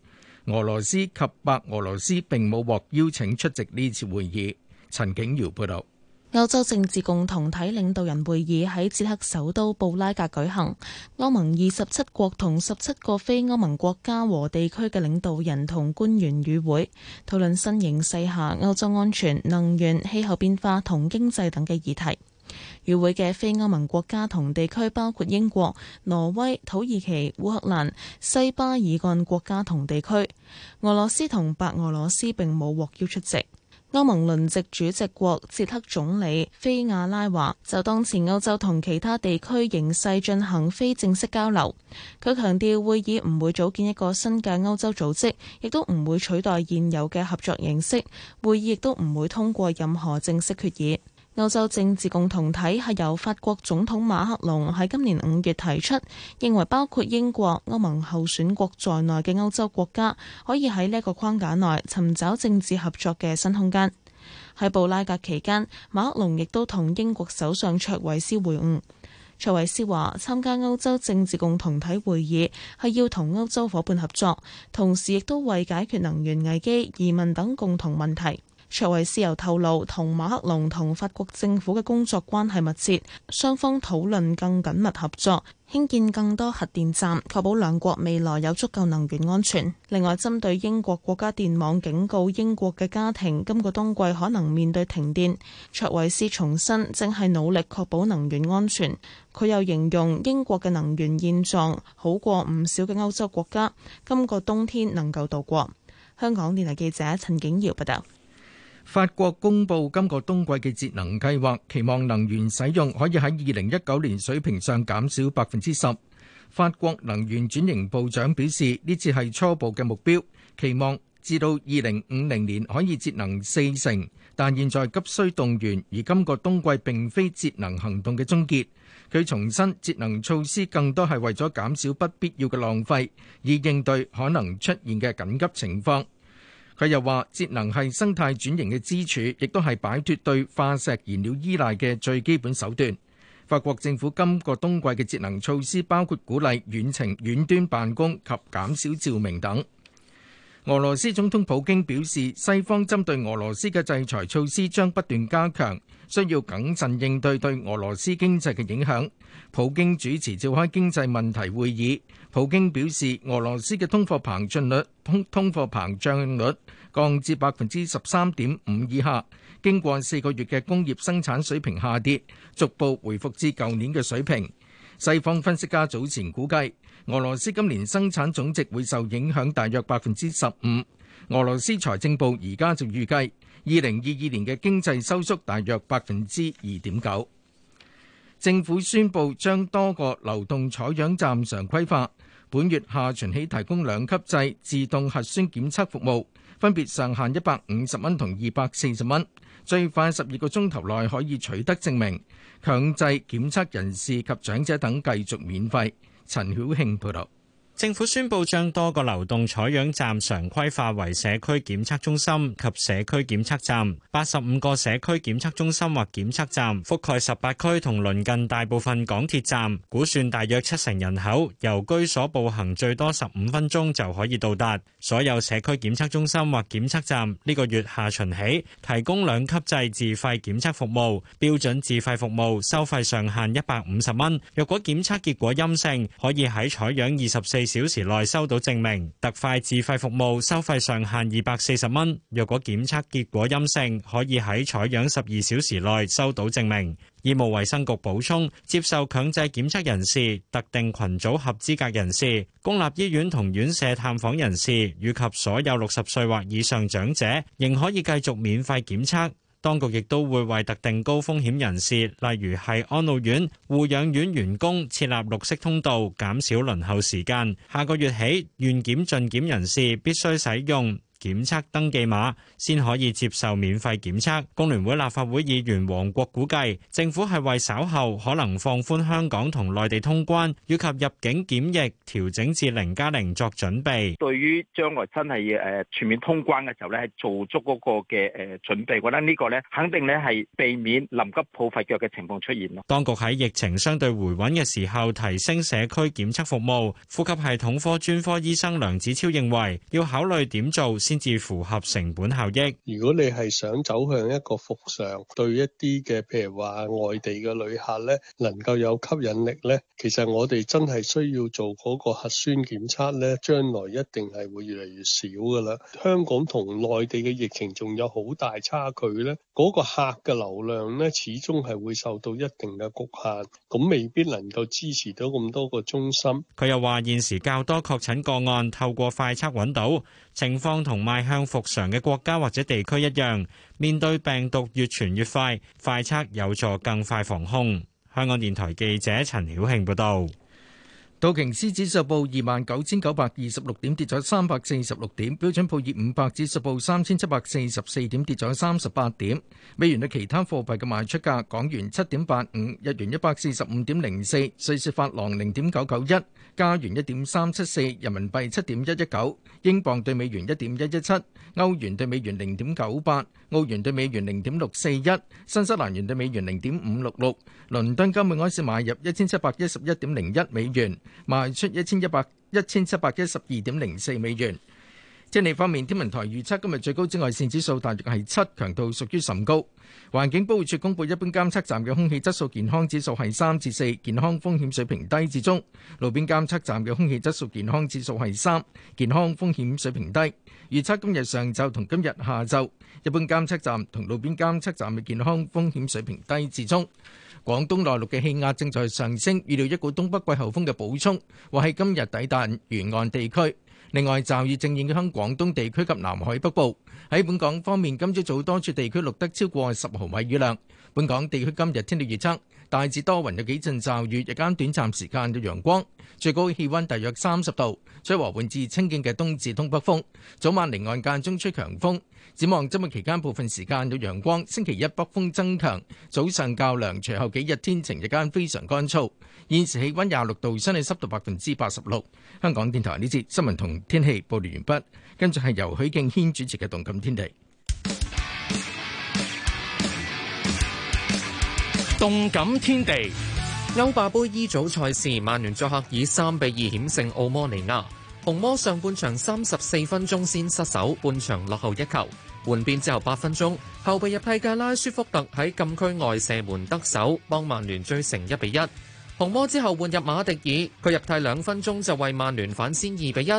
俄羅斯及白俄羅斯並冇獲邀請出席呢次會議。陳景瑤報道。歐洲政治共同體領導人會議喺捷克首都布拉格舉行，歐盟二十七國同十七個非歐盟國家和地區嘅領導人同官員與會，討論新形勢下歐洲安全、能源、氣候變化同經濟等嘅議題。與會嘅非歐盟國家同地區包括英國、挪威、土耳其、烏克蘭、西巴爾幹國家同地區。俄羅斯同白俄羅斯並冇獲邀出席。歐盟輪值主席國捷克總理菲亞拉話，就當前歐洲同其他地區形勢進行非正式交流。佢強調，會議唔會組建一個新嘅歐洲組織，亦都唔會取代現有嘅合作形式。會議亦都唔會通過任何正式決議。歐洲政治共同體係由法國總統馬克龍喺今年五月提出，認為包括英國、歐盟候選國在內嘅歐洲國家可以喺呢一個框架內尋找政治合作嘅新空間。喺布拉格期間，馬克龍亦都同英國首相卓慧思會晤。卓慧思話：參加歐洲政治共同體會議係要同歐洲夥伴合作，同時亦都為解決能源危機、移民等共同問題。卓慧思又透露，同馬克龍同法國政府嘅工作關係密切，雙方討論更緊密合作，興建更多核電站，確保兩國未來有足夠能源安全。另外，針對英國國家電網警告英國嘅家庭，今個冬季可能面對停電，卓慧思重申正係努力確保能源安全。佢又形容英國嘅能源現狀好過唔少嘅歐洲國家，今個冬天能夠度過。香港電台記者陳景瑤報道。法國公布今個冬季嘅節能計劃，期望能源使用可以喺二零一九年水平上減少百分之十。法國能源轉型部長表示，呢次係初步嘅目標，期望至到二零五零年可以節能四成，但現在急需動員。而今個冬季並非節能行動嘅終結，佢重申節能措施更多係為咗減少不必要嘅浪費，以應對可能出現嘅緊急情況。佢又話：節能係生態轉型嘅支柱，亦都係擺脱對化石燃料依賴嘅最基本手段。法國政府今個冬季嘅節能措施包括鼓勵遠程遠端辦公及減少照明等。俄羅斯總統普京表示，西方針對俄羅斯嘅制裁措施將不斷加強，需要謹慎應對對俄羅斯經濟嘅影響。普京主持召開經濟問題會議，普京表示，俄羅斯嘅通貨膨脹率通通貨膨脹率。降至百分之十三點五以下。經過四個月嘅工業生產水平下跌，逐步回復至舊年嘅水平。西方分析家早前估計，俄羅斯今年生產總值會受影響大約百分之十五。俄羅斯財政部而家就預計二零二二年嘅經濟收縮大約百分之二點九。政府宣布將多個流動採樣站常規化，本月下旬起提供兩級制自動核酸檢測服務。分別上限一百五十蚊同二百四十蚊，最快十二個鐘頭內可以取得證明。強制檢測人士及長者等繼續免費。陳曉慶報道。政府宣布將多個流動採樣站常規化為社區檢測中心及社區檢測站，85個社區檢測中心或檢測站覆蓋18區同鄰近大部分港鐵站，估算大約七成人口由居所步行最多15分鐘就可以到達。所有社區檢測中心或檢測站呢個月下旬起提供兩級制自費檢測服務，標準自費服務收費上限150蚊。若果檢測結果陰性，可以喺採樣24二小時內收到證明，特快自費服務收費上限二百四十蚊。若果檢測結果陰性，可以喺採樣十二小時內收到證明。醫務衛生局補充，接受強制檢測人士、特定群組合資格人士、公立醫院同院舍探訪人士以及所有六十歲或以上長者，仍可以繼續免費檢測。當局亦都會為特定高風險人士，例如係安老院、護養院員工，設立綠色通道，減少輪候時間。下個月起，願檢盡檢人士必須使用。檢測登記碼先可以接受免費檢測。工聯會立法會議員王國估計政府係為稍後可能放寬香港同內地通關以及入境檢疫調整至零加零作準備，對於將來真係全面通關嘅時候做足嘅準備。我覺得呢個肯定係避免臨急抱佛腳嘅情況出現。當局喺疫情相對回穩嘅時候提升社區檢測服務。呼吸系統科專科醫生梁子超認為要考慮點做，先至符合成本效益。如果你係想走向一個復常對一啲嘅，譬如話外地嘅旅客咧，能夠有吸引力咧，其實我哋真係需要做嗰個核酸檢測咧，將來一定係會越嚟越少噶啦。香港同內地嘅疫情仲有好大差距咧，嗰個客嘅流量咧，始終係會受到一定嘅局限，咁未必能夠支持到咁多個中心。佢又話現時較多確診個案透過快測揾到情況同，邁向復常嘅國家或者地區一樣，面對病毒越傳越快，快測有助更快防控。香港電台記者陳曉慶報道。道瓊斯指數報二萬九千九百二十六點，跌咗三百四十六點；標準普爾五百指數報三千七百四十四點，跌咗三十八點。美元對其他貨幣嘅賣出價：港元七點八五，日元一百四十五點零四，瑞士法郎零點九九一，加元一點三七四，人民幣七點一一九，英鎊對美元一點一一七，歐元對美元零點九八，澳元對美元零點六四一，新西蘭元對美元零點五六六。倫敦金每盎司買入一千七百一十一點零一美元。賣出一千一百一千七百一十二點零四美元。天氣方面，天文台預測今日最高紫外線指數大約係七，強度屬於甚高。環境保護署公布，一般監測站嘅空氣質素健康指數係三至四，健康風險水平低至中；路邊監測站嘅空氣質素健康指數係三，健康風險水平低。預測今日上晝同今日下晝，一般監測站同路邊監測站嘅健康風險水平低至中。廣東內陸嘅氣壓正在上升，預料一股東北季候風嘅補充或喺今日抵達沿岸地區。另外，驟雨正影響廣東地區及南海北部。喺本港方面，今朝早多處地區錄得超過十毫米雨量。本港地區今日天氣預測。大致多雲，有幾陣驟雨，日間短暫時間有陽光，最高氣溫大約三十度，吹和緩至清勁嘅東至東北風，早晚離岸間中吹強風。展望周末期間部分時間有陽光，星期一北風增強，早上較涼，隨後幾日天晴，日間非常乾燥。現時氣溫廿六度，相對濕度百分之八十六。香港電台呢節新聞同天氣報告完畢，跟住係由許敬軒主持嘅《動感天地》。動感天地，歐霸盃 E 組賽事，曼聯作客以三比二險勝奧摩尼亞。紅魔上半場三十四分鐘先失手，半場落後一球。換邊之後八分鐘，後備入替嘅拉舒福特喺禁區外射門得手，幫曼聯追成一比一。紅魔之後換入馬迪爾，佢入替兩分鐘就為曼聯反先二比一。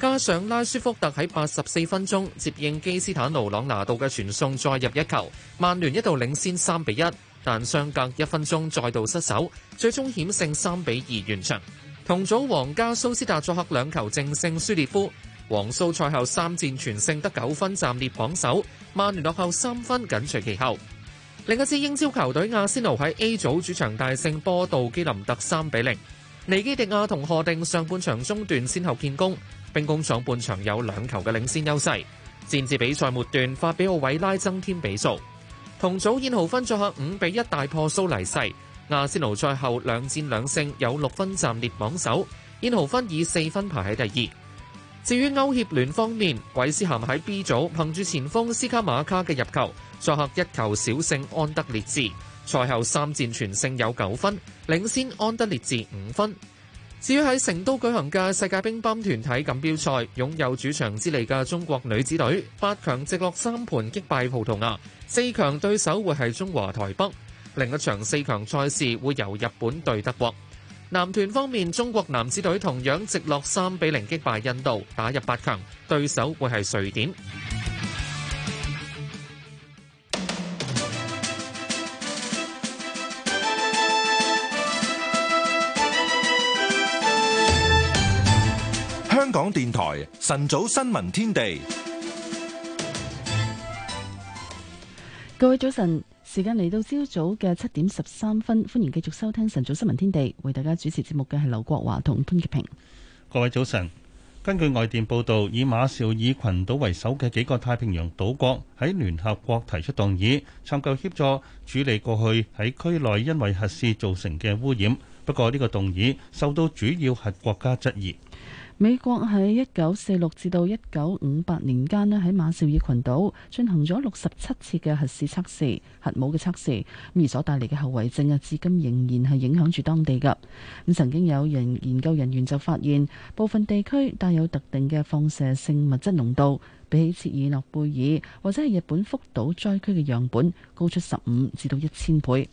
加上拉舒福特喺八十四分鐘接應基斯坦奴朗拿度嘅傳送，再入一球，曼聯一度領先三比一。但相隔一分鐘再度失手，最終險勝三比二完場。同組皇家蘇斯達作客兩球正勝舒列夫，皇蘇賽後三戰全勝得九分暫列榜首，曼聯落後三分緊隨其後。另一支英超球隊亞仙奴喺 A 組主場大勝波道基林特三比零。尼基迪亞同賀定上半場中段先後建功，兵工廠上半場有兩球嘅領先優勢，戰至比賽末段法比奧維拉增添比數。同組燕豪芬作客五比一大破蘇黎世，亞仙奴賽後兩戰兩勝，有六分暫列榜首。燕豪芬以四分排喺第二。至於歐協聯方面，韋斯咸喺 B 組憑住前鋒斯卡馬卡嘅入球，作客一球小勝安德烈治。賽後三戰全勝，有九分，領先安德烈治五分。至於喺成都舉行嘅世界乒乓團體錦標賽，擁有主場之利嘅中國女子隊八強直落三盤擊敗葡萄牙。四強對手會係中華台北，另一場四強賽事會由日本對德國。男團方面，中國男子隊同樣直落三比零擊敗印度，打入八強，對手會係瑞典。香港電台晨早新聞天地。各位早晨，時間嚟到朝早嘅七點十三分，歡迎繼續收聽晨早新聞天地。為大家主持節目嘅係劉國華同潘潔平。各位早晨，根據外電報道，以馬紹爾群島為首嘅幾個太平洋島國喺聯合國提出動議，尋求協助處理過去喺區內因為核試造成嘅污染。不過呢個動議受到主要核國家質疑。美國喺一九四六至到一九五八年間咧，喺馬紹爾群島進行咗六十七次嘅核試測試、核武嘅測試，咁而所帶嚟嘅後遺症啊，至今仍然係影響住當地嘅。咁曾經有人研究人員就發現，部分地區帶有特定嘅放射性物質濃度，比起切爾諾貝爾或者係日本福島災區嘅樣本高出十五至到一千倍。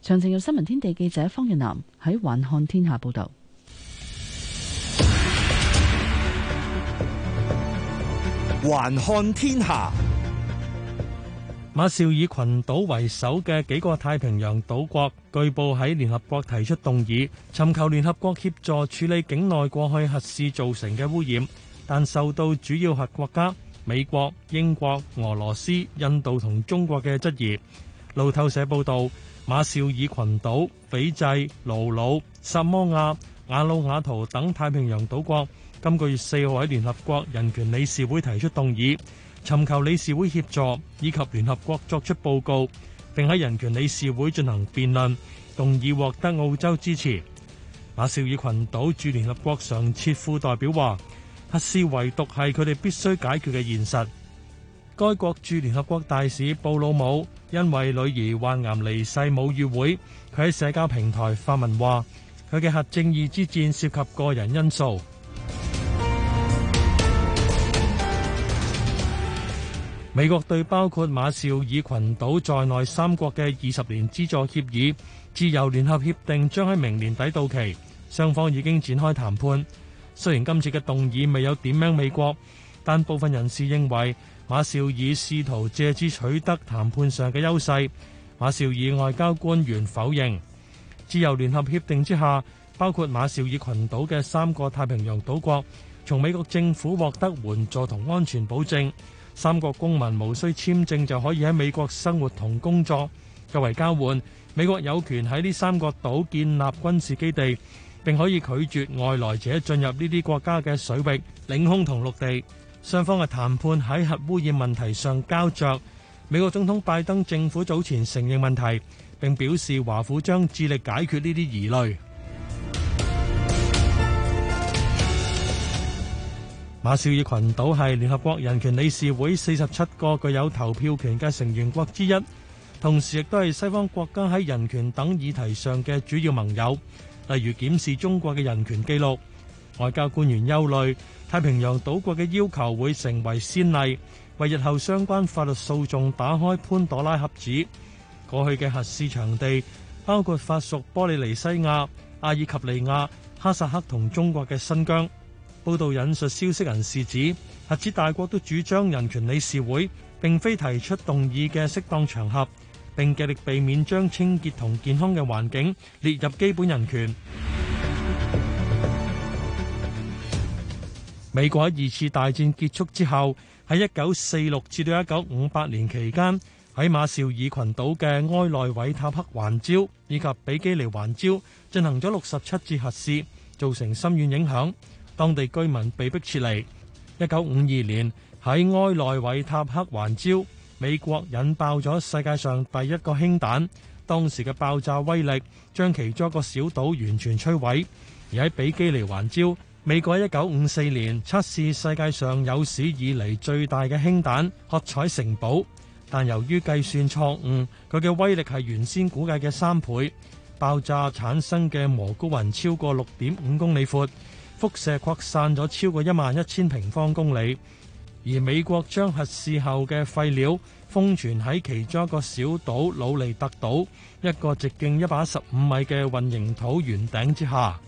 詳情由新聞天地記者方日南喺環看天下報道。環看天下，馬紹爾群島為首嘅幾個太平洋島國，據報喺聯合國提出動議，尋求聯合國協助處理境內過去核試造成嘅污染，但受到主要核國家美國、英國、俄羅斯、印度同中國嘅質疑。路透社報道，馬紹爾群島、斐濟、盧魯、薩摩亞、瓦努瓦圖等太平洋島國。今個月四號喺聯合國人權理事會提出動議，尋求理事會協助以及聯合國作出報告，并喺人權理事會進行辯論。動議獲得澳洲支持。馬紹爾群島駐聯合國常設副代表話：核試唯獨係佢哋必須解決嘅現實。該國駐聯合國大使布魯姆因為女兒患癌離世母會，母與會佢喺社交平台發文話：佢嘅核正義之戰涉及個人因素。美國對包括馬紹爾群島在內三國嘅二十年資助協議，《自由聯合協定》將喺明年底到期，雙方已經展開談判。雖然今次嘅動議未有點名美國，但部分人士認為馬紹爾試圖藉此取得談判上嘅優勢。馬紹爾外交官員否認，《自由聯合協定》之下，包括馬紹爾群島嘅三個太平洋島國，從美國政府獲得援助同安全保證。三國公民無需簽證就可以喺美國生活同工作，作為交換，美國有權喺呢三個島建立軍事基地，並可以拒絕外來者進入呢啲國家嘅水域、領空同陸地。雙方嘅談判喺核污染問題上膠着。美國總統拜登政府早前承認問題，並表示華府將致力解決呢啲疑慮。馬紹爾群島係聯合國人權理事會47報道引述消息人士指，核子大國都主張人權理事會並非提出動議嘅適當場合，並極力避免將清潔同健康嘅環境列入基本人權。 美國喺二次大戰結束之後，喺一九四六至到一九五八年期間，喺馬紹爾群島嘅埃內維塔克環礁以及比基尼環礁進行咗六十七次核試，造成深遠影響。當地居民被迫撤離。一九五二年喺埃內維塔克環礁，美國引爆咗世界上第一個氫彈，當時嘅爆炸威力將其中一個小島完全摧毀。而喺比基尼環礁，美國喺一九五四年測試世界上有史以嚟最大嘅氫彈，喝彩城堡。但由於計算錯誤，佢嘅威力係原先估計嘅三倍，爆炸產生嘅蘑菇雲超過六點五公里闊。輻射擴散咗超過一萬一千平方公里，而美國將核試後嘅廢料封存喺其中一個小島——魯尼特島，一個直徑一百一十五米嘅混凝土圓頂之下。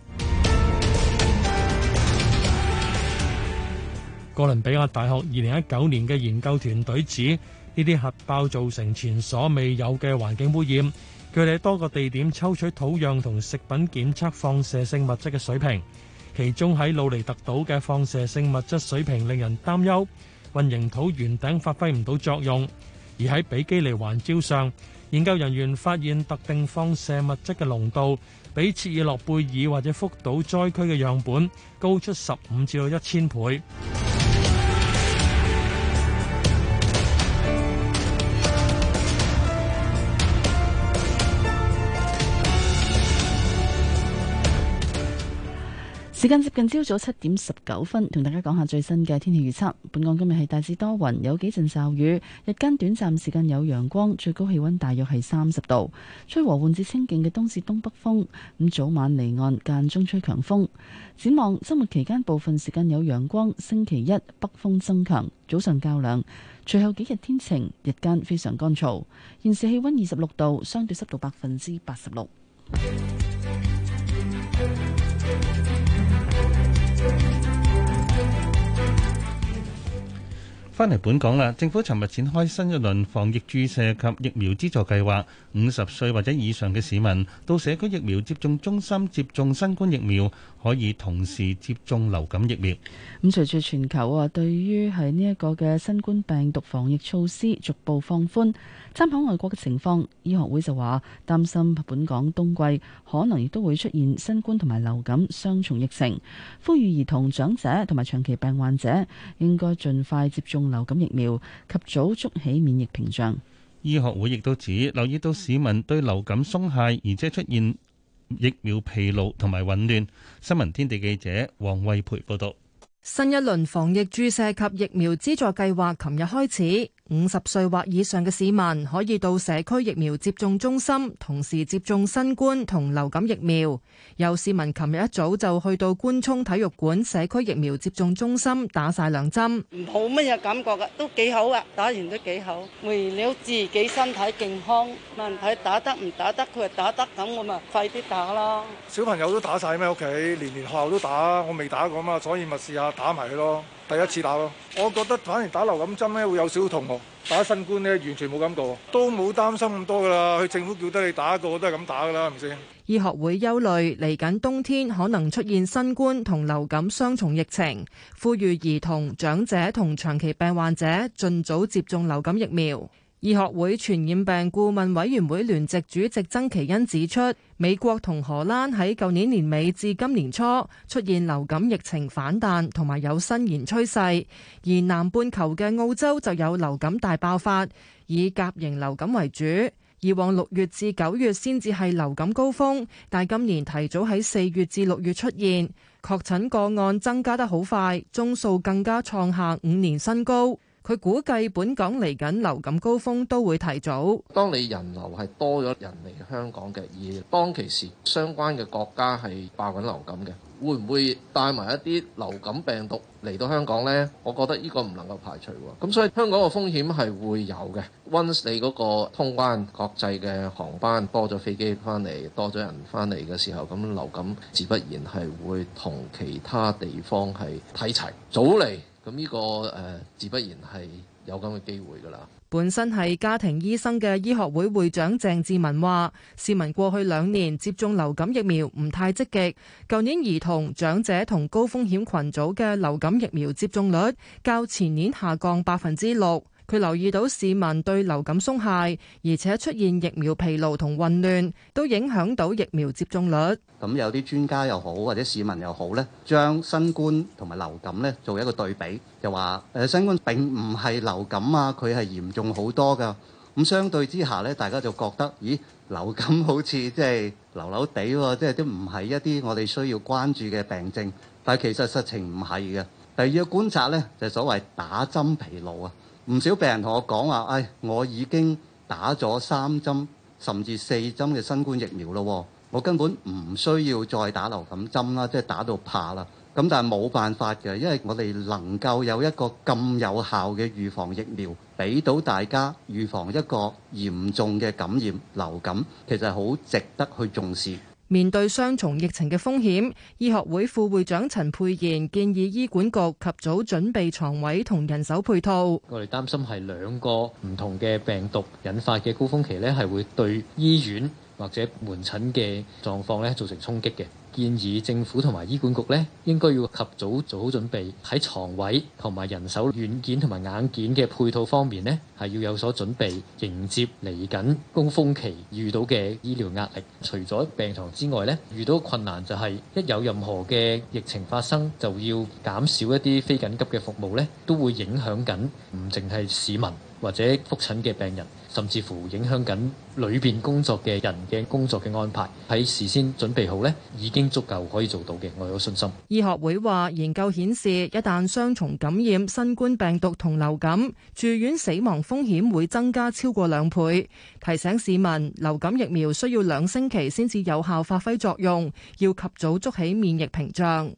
哥倫比亞大學二零一九年嘅研究團隊指，呢啲核爆造成前所未有嘅環境污染。佢哋喺多個地點抽取土壤同食品，檢測放射性物質嘅水平。其中喺魯尼特島嘅放射性物質水平令人擔憂，混凝土圓頂發揮唔到作用；而喺比基尼環礁上，研究人員發現特定放射物質嘅濃度比切爾諾貝爾或者福島災區嘅樣本高出十五至到一千倍。時間接近朝早七點十九分，同大家講下最新嘅天氣預測。本港今日係大致多雲，有幾陣驟雨，日間短暫時間有陽光，最高氣温大約係三十度，吹和緩至清勁嘅東至東北風。咁早晚離岸間中吹強風。展望周末期間部分時間有陽光，星期一北風增強，早上較涼，隨後幾日天晴，日間非常乾燥。現時氣温二十六度，相對濕度百分之八十六。 返嚟本港啦，政府尋日展開新一輪防疫注射及疫苗資助計劃，五十歲或者以上嘅市民到社區疫苗接種中心接種新冠疫苗。可以同時接種流感疫苗。咁隨住全球啊，對於喺呢一個嘅新冠病毒防疫措施逐步放寬，參考外國嘅情況，醫學會就話擔心本港冬季可能亦都會出現新冠同埋流感雙重疫情，呼籲兒童、長者同埋長期病患者應該盡快接種流感疫苗，及早築起免疫屏障。醫學會亦都指留意到市民對流感鬆懈，而且出現疫苗疲勞同埋混亂，新聞天地記者黃慧培報道。新一輪防疫注射及疫苗資助計劃，琴日開始，五十歲或以上嘅市民可以到社區疫苗接種中心，同時接種新冠同流感疫苗。有市民琴日一早就去到官涌體育館社區疫苗接種中心打晒兩針。唔好乜嘢感覺噶，都幾好啊，打完都幾好。為了自己身體健康問題，打得唔打得，佢話打得，咁我咪快啲打咯。小朋友都打晒咩？屋企年年學校都打，我未打過啊嘛，所以咪試下。打埋佢咯，第一次打咯。我覺得反而打流感針咧會有少少痛喎，打新冠咧完全冇感覺，都冇擔心咁多噶啦。去政府叫得你打一個，我都係咁打噶啦，係咪先？醫學會憂慮嚟緊冬天可能出現新冠同流感雙重疫情，呼籲兒童、長者同長期病患者盡早接種流感疫苗。醫學會傳染病顧問委員會聯席主席曾祈殷指出，美國同荷蘭喺舊年年尾至今年初出現流感疫情反彈，同埋有伸延趨勢；而南半球嘅澳洲就有流感大爆發，以甲型流感為主。以往六月至九月先至係流感高峰，但今年提早喺四月至六月出現，確診個案增加得好快，宗數更加創下五年新高。佢估計本港嚟緊流感高峰都會提早。當你人流係多咗人嚟香港嘅，而當其時相關嘅國家係爆緊流感嘅，會唔會帶埋一啲流感病毒嚟到香港呢？我覺得呢個唔能夠排除喎。咁所以香港個風險係會有嘅。Once 你嗰個通關國際嘅航班多咗飛機翻嚟，多咗人翻嚟嘅時候，咁流感自不然係會同其他地方係睇齊早嚟。咁呢個誒，自不然係有咁嘅機會㗎啦。本身係家庭醫生嘅醫學會會長鄭志文話，市民過去兩年接種流感疫苗唔太積極，舊年兒童、長者同高風險群組嘅流感疫苗接種率較前年下降百分之六。佢留意到市民對流感鬆懈，而且出現疫苗疲勞同混亂，都影響到疫苗接種率。咁有啲專家又好，或者市民又好咧，將新冠同埋流感咧做一個對比，就話誒新冠並唔係流感啊，佢係嚴重好多㗎。咁相對之下咧，大家就覺得咦流感好似即係流流地喎，即係都唔係一啲我哋需要關注嘅病症。但係其實實情唔係嘅。第二個觀察咧就係所謂打針疲勞啊。唔少病人同我講話，唉，我已經打咗三針甚至四針嘅新冠疫苗咯，我根本唔需要再打流感針啦，即係打到怕啦。咁但係冇辦法嘅，因為我哋能夠有一個咁有效嘅預防疫苗，俾到大家預防一個嚴重嘅感染流感，其實係好值得去重視。面對雙重疫情嘅風險，醫學會副會長陳佩賢建議醫管局及早準備床位同人手配套。我哋擔心係兩個唔同嘅病毒引發嘅高峰期呢，係會對醫院或者門診嘅狀況呢造成衝擊嘅。建議政府同埋醫管局咧，應該要及早做好準備，喺床位同埋人手、軟件同埋硬件嘅配套方面咧，係要有所準備，迎接嚟緊高峰期遇到嘅醫療壓力。除咗病床之外咧，遇到困難就係一有任何嘅疫情發生，就要減少一啲非緊急嘅服務咧，都會影響緊唔淨係市民，或者覆診嘅病人，甚至乎影響緊裏邊工作嘅人嘅工作嘅安排，喺事先準備好呢，已經足夠可以做到嘅，我有信心。醫學會話，研究顯示，一旦雙重感染新冠病毒同流感，住院死亡風險會增加超過兩倍。提醒市民，流感疫苗需要兩星期先至有效發揮作用，要及早築起免疫屏障。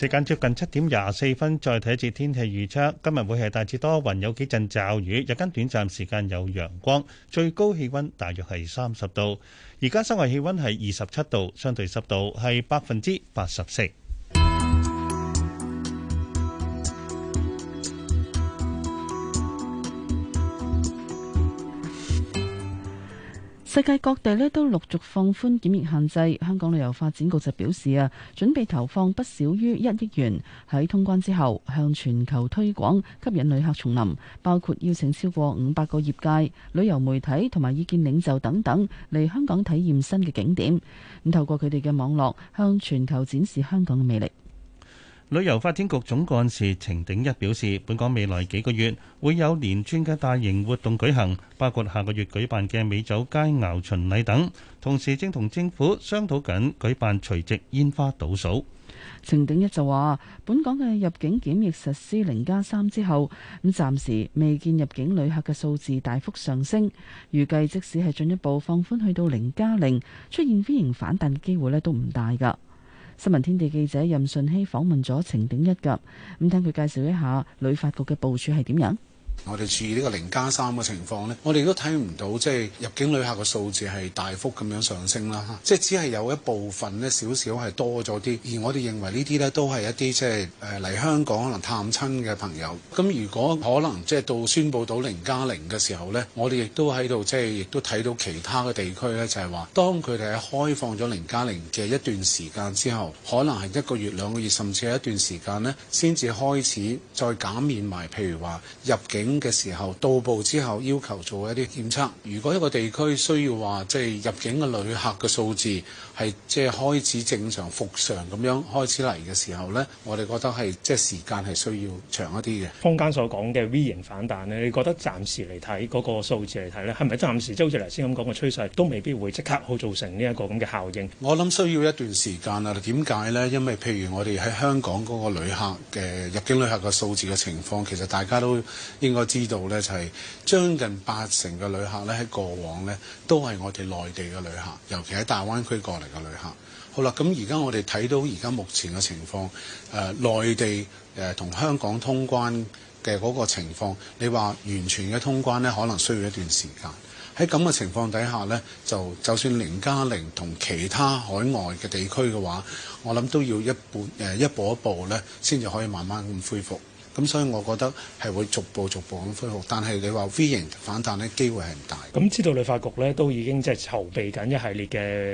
時間接近七點廿四分，再睇一節天氣預測。今日會係大致多雲，有幾陣驟雨，日間短暫時間有陽光，最高氣温大約係三十度。而家室外氣温係二十七度，相對濕度係百分之八十四。世界各地呢都陸續放寬檢疫限制，香港旅遊發展局就表示啊，準備投放不少於一億元喺通關之後向全球推廣，吸引旅客重臨，包括邀請超過五百個業界、旅遊媒體同埋意見領袖等等嚟香港體驗新嘅景點，咁透過佢哋嘅網絡向全球展示香港嘅魅力。旅遊發展局總幹事程鼎一表示，本港未來幾個月會有連串嘅大型活動舉行，包括下個月舉辦嘅美酒佳肴巡禮等。同時，正同政府商討緊舉辦除夕煙花倒數。程鼎一就話，本港嘅入境檢疫實施零加三之後，咁暫時未見入境旅客嘅數字大幅上升。預計即使係進一步放寬去到零加零，0, 出現 V 型反彈嘅機會咧都唔大噶。新聞天地記者任順熙訪問咗程鼎一㗎，咁等佢介紹一下旅發局嘅部署係點樣。我哋注意呢個零加三嘅情況咧，我哋都睇唔到即係入境旅客嘅數字係大幅咁樣上升啦，即係只係有一部分咧少少係多咗啲，而我哋認為呢啲咧都係一啲即係誒嚟香港可能探親嘅朋友。咁如果可能即係到宣布到零加零嘅時候咧，我哋亦都喺度即係亦都睇到其他嘅地區咧，就係話當佢哋喺開放咗零加零嘅一段時間之後可能係一個月兩個月甚至係一段時間咧，先至開始再減免埋，譬如話入境。嘅時候到埗之後要求做一啲檢測。如果一個地區需要話，即係入境嘅旅客嘅數字。係即係開始正常復常咁樣開始嚟嘅時候咧，我哋覺得係即係時間係需要長一啲嘅。坊間所講嘅 V 型反彈咧，你覺得暫時嚟睇嗰個數字嚟睇咧，係咪暫時就係好似頭先咁講嘅趨勢都未必會即刻好造成呢一個咁嘅效應？我諗需要一段時間啦。點解咧？因為譬如我哋喺香港嗰個旅客嘅入境旅客嘅數字嘅情況，其實大家都應該知道咧，就係、是、將近八成嘅旅客咧喺過往咧都係我哋內地嘅旅客，尤其喺大灣區過嚟。嘅旅客，好啦，咁而家我哋睇到而家目前嘅情況，誒、呃、內地誒同、呃、香港通關嘅嗰個情況，你話完全嘅通關呢，可能需要一段時間。喺咁嘅情況底下呢，就就算零加零同其他海外嘅地區嘅話，我諗都要一步誒、呃、一步一步呢，先至可以慢慢咁恢復。咁所以我覺得係會逐步逐步咁恢復，但係你話 V 型反彈咧，機會係唔大。咁知道旅發局呢都已經即係籌備緊一系列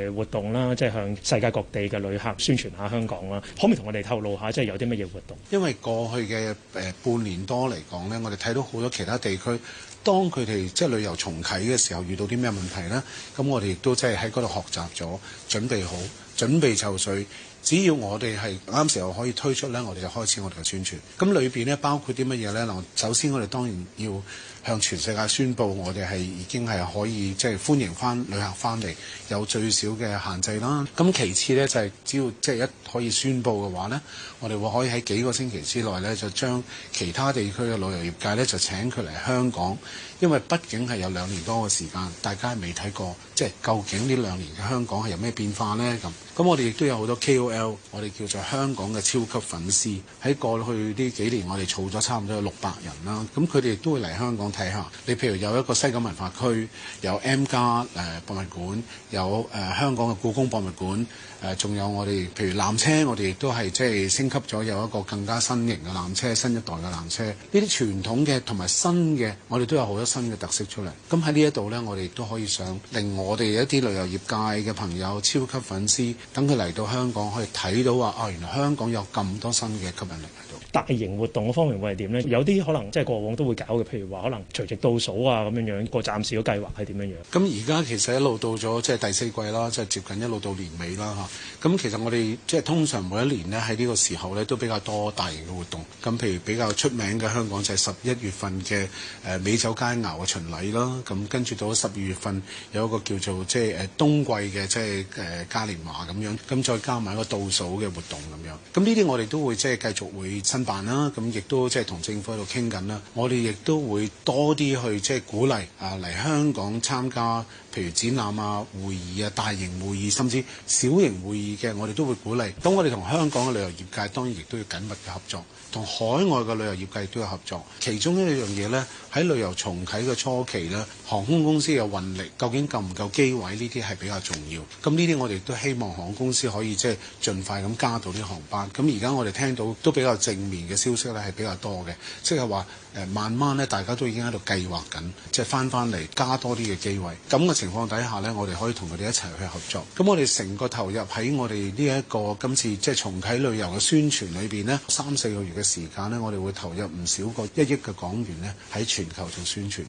嘅活動啦，即係向世界各地嘅旅客宣傳下香港啦，可唔可以同我哋透露下即係有啲乜嘢活動？因為過去嘅誒半年多嚟講呢，我哋睇到好多其他地區，當佢哋即係旅遊重啓嘅時候，遇到啲咩問題呢？咁我哋亦都即係喺嗰度學習咗，準備好，準備就緒。只要我哋係啱時候可以推出呢，我哋就開始我哋嘅宣傳。咁裏邊呢包括啲乜嘢呢？嗱，首先我哋當然要向全世界宣佈，我哋係已經係可以即係歡迎翻旅客翻嚟，有最少嘅限制啦。咁其次呢，就係只要即係一可以宣佈嘅話呢，我哋會可以喺幾個星期之內呢，就將其他地區嘅旅遊業界呢，就請佢嚟香港。因為畢竟係有兩年多嘅時間，大家未睇過，即係究竟呢兩年嘅香港係有咩變化呢？咁咁，我哋亦都有好多 KOL，我哋叫做香港嘅超級粉絲，喺過去呢幾年我，我哋儲咗差唔多有六百人啦。咁佢哋都會嚟香港睇下。你譬如有一個西九文化區，有 M+ 誒博物館，有誒香港嘅故宮博物館。誒，仲有我哋，譬如纜車，我哋亦都係即係升級咗，有一個更加新型嘅纜車，新一代嘅纜車。呢啲傳統嘅同埋新嘅，我哋都有好多新嘅特色出嚟。咁喺呢一度呢，我哋都可以想令我哋一啲旅遊業界嘅朋友、超級粉絲，等佢嚟到香港可以睇到話，哦，原來香港有咁多新嘅吸引力喺度。大型活動方面會係點呢？有啲可能即係過往都會搞嘅，譬如話可能隨即倒數啊咁樣樣。個暫時嘅計劃係點樣樣？咁而家其實一路到咗即係第四季啦，即係接近一路到年尾啦咁其實我哋即係通常每一年咧喺呢個時候咧都比較多大型嘅活動，咁譬如比較出名嘅香港就係十一月份嘅誒美酒佳餚嘅巡禮啦，咁跟住到十二月份有一個叫做即係誒冬季嘅即係誒嘉年華咁樣，咁再加埋個倒數嘅活動咁樣，咁呢啲我哋都會即係繼續會申辦啦，咁亦都即係同政府喺度傾緊啦，我哋亦都會多啲去即係鼓勵啊嚟香港參加。譬如展覽啊、會議啊、大型會議，甚至小型會議嘅，我哋都會鼓勵。咁我哋同香港嘅旅遊業界當然亦都要緊密嘅合作，同海外嘅旅遊業界都要合作。其中一樣嘢呢，喺旅遊重啟嘅初期呢，航空公司嘅運力究竟夠唔夠機位呢啲係比較重要。咁呢啲我哋都希望航空公司可以即係盡快咁加到啲航班。咁而家我哋聽到都比較正面嘅消息呢，係比較多嘅，即係話。誒慢慢咧，大家都已經喺度計劃緊，即係翻翻嚟加多啲嘅機會。咁嘅情況底下呢，我哋可以同佢哋一齊去合作。咁我哋成個投入喺我哋呢一個今次即係重啟旅遊嘅宣傳裏邊呢，三四個月嘅時間呢，我哋會投入唔少過一億嘅港元呢，喺全球做宣傳。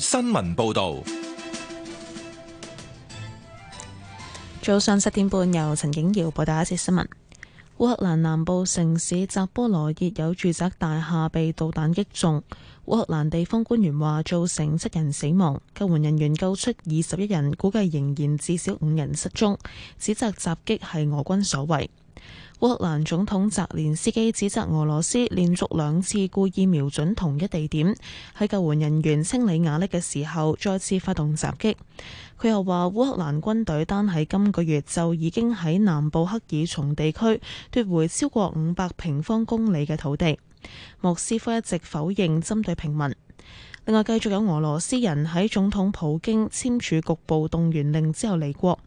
新聞報道，早上七點半，由陳景堯報道一次新聞。烏克蘭南部城市扎波羅熱有住宅大廈被導彈擊中，烏克蘭地方官員話造成七人死亡，救援人員救出二十一人，估計仍然至少五人失蹤，指責襲擊係俄軍所為。烏克蘭總統澤連斯基指責俄羅斯連續兩次故意瞄準同一地點，喺救援人員清理瓦礫嘅時候再次發動襲擊。佢又話烏克蘭軍隊單喺今個月就已經喺南部克爾松地區奪回超過五百平方公里嘅土地。莫斯科一直否認針對平民。另外，繼續有俄羅斯人喺總統普京簽署局部動員令之後離國。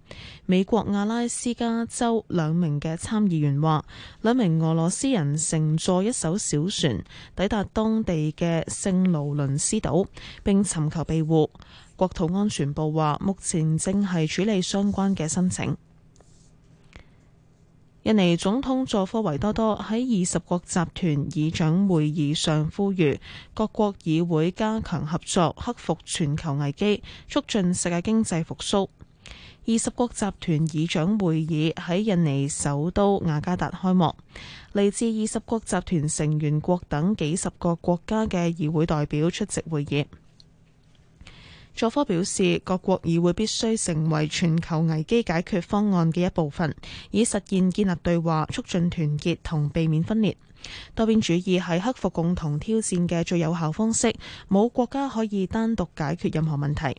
美國阿拉斯加州兩名嘅參議員話，兩名俄羅斯人乘坐一艘小船抵達當地嘅聖勞倫斯島，並尋求庇護。國土安全部話，目前正係處理相關嘅申請。印尼總統佐科維多多喺二十國集團議長會議上呼籲，各國議會加強合作，克服全球危機，促進世界經濟復甦。二十國集團議長會議喺印尼首都雅加達開幕，嚟自二十國集團成員國等幾十個國家嘅議會代表出席會議。佐科表示，各國議會必須成為全球危機解決方案嘅一部分，以實現建立對話，促進團結同避免分裂。多邊主義係克服共同挑戰嘅最有效方式，冇國家可以單獨解決任何問題。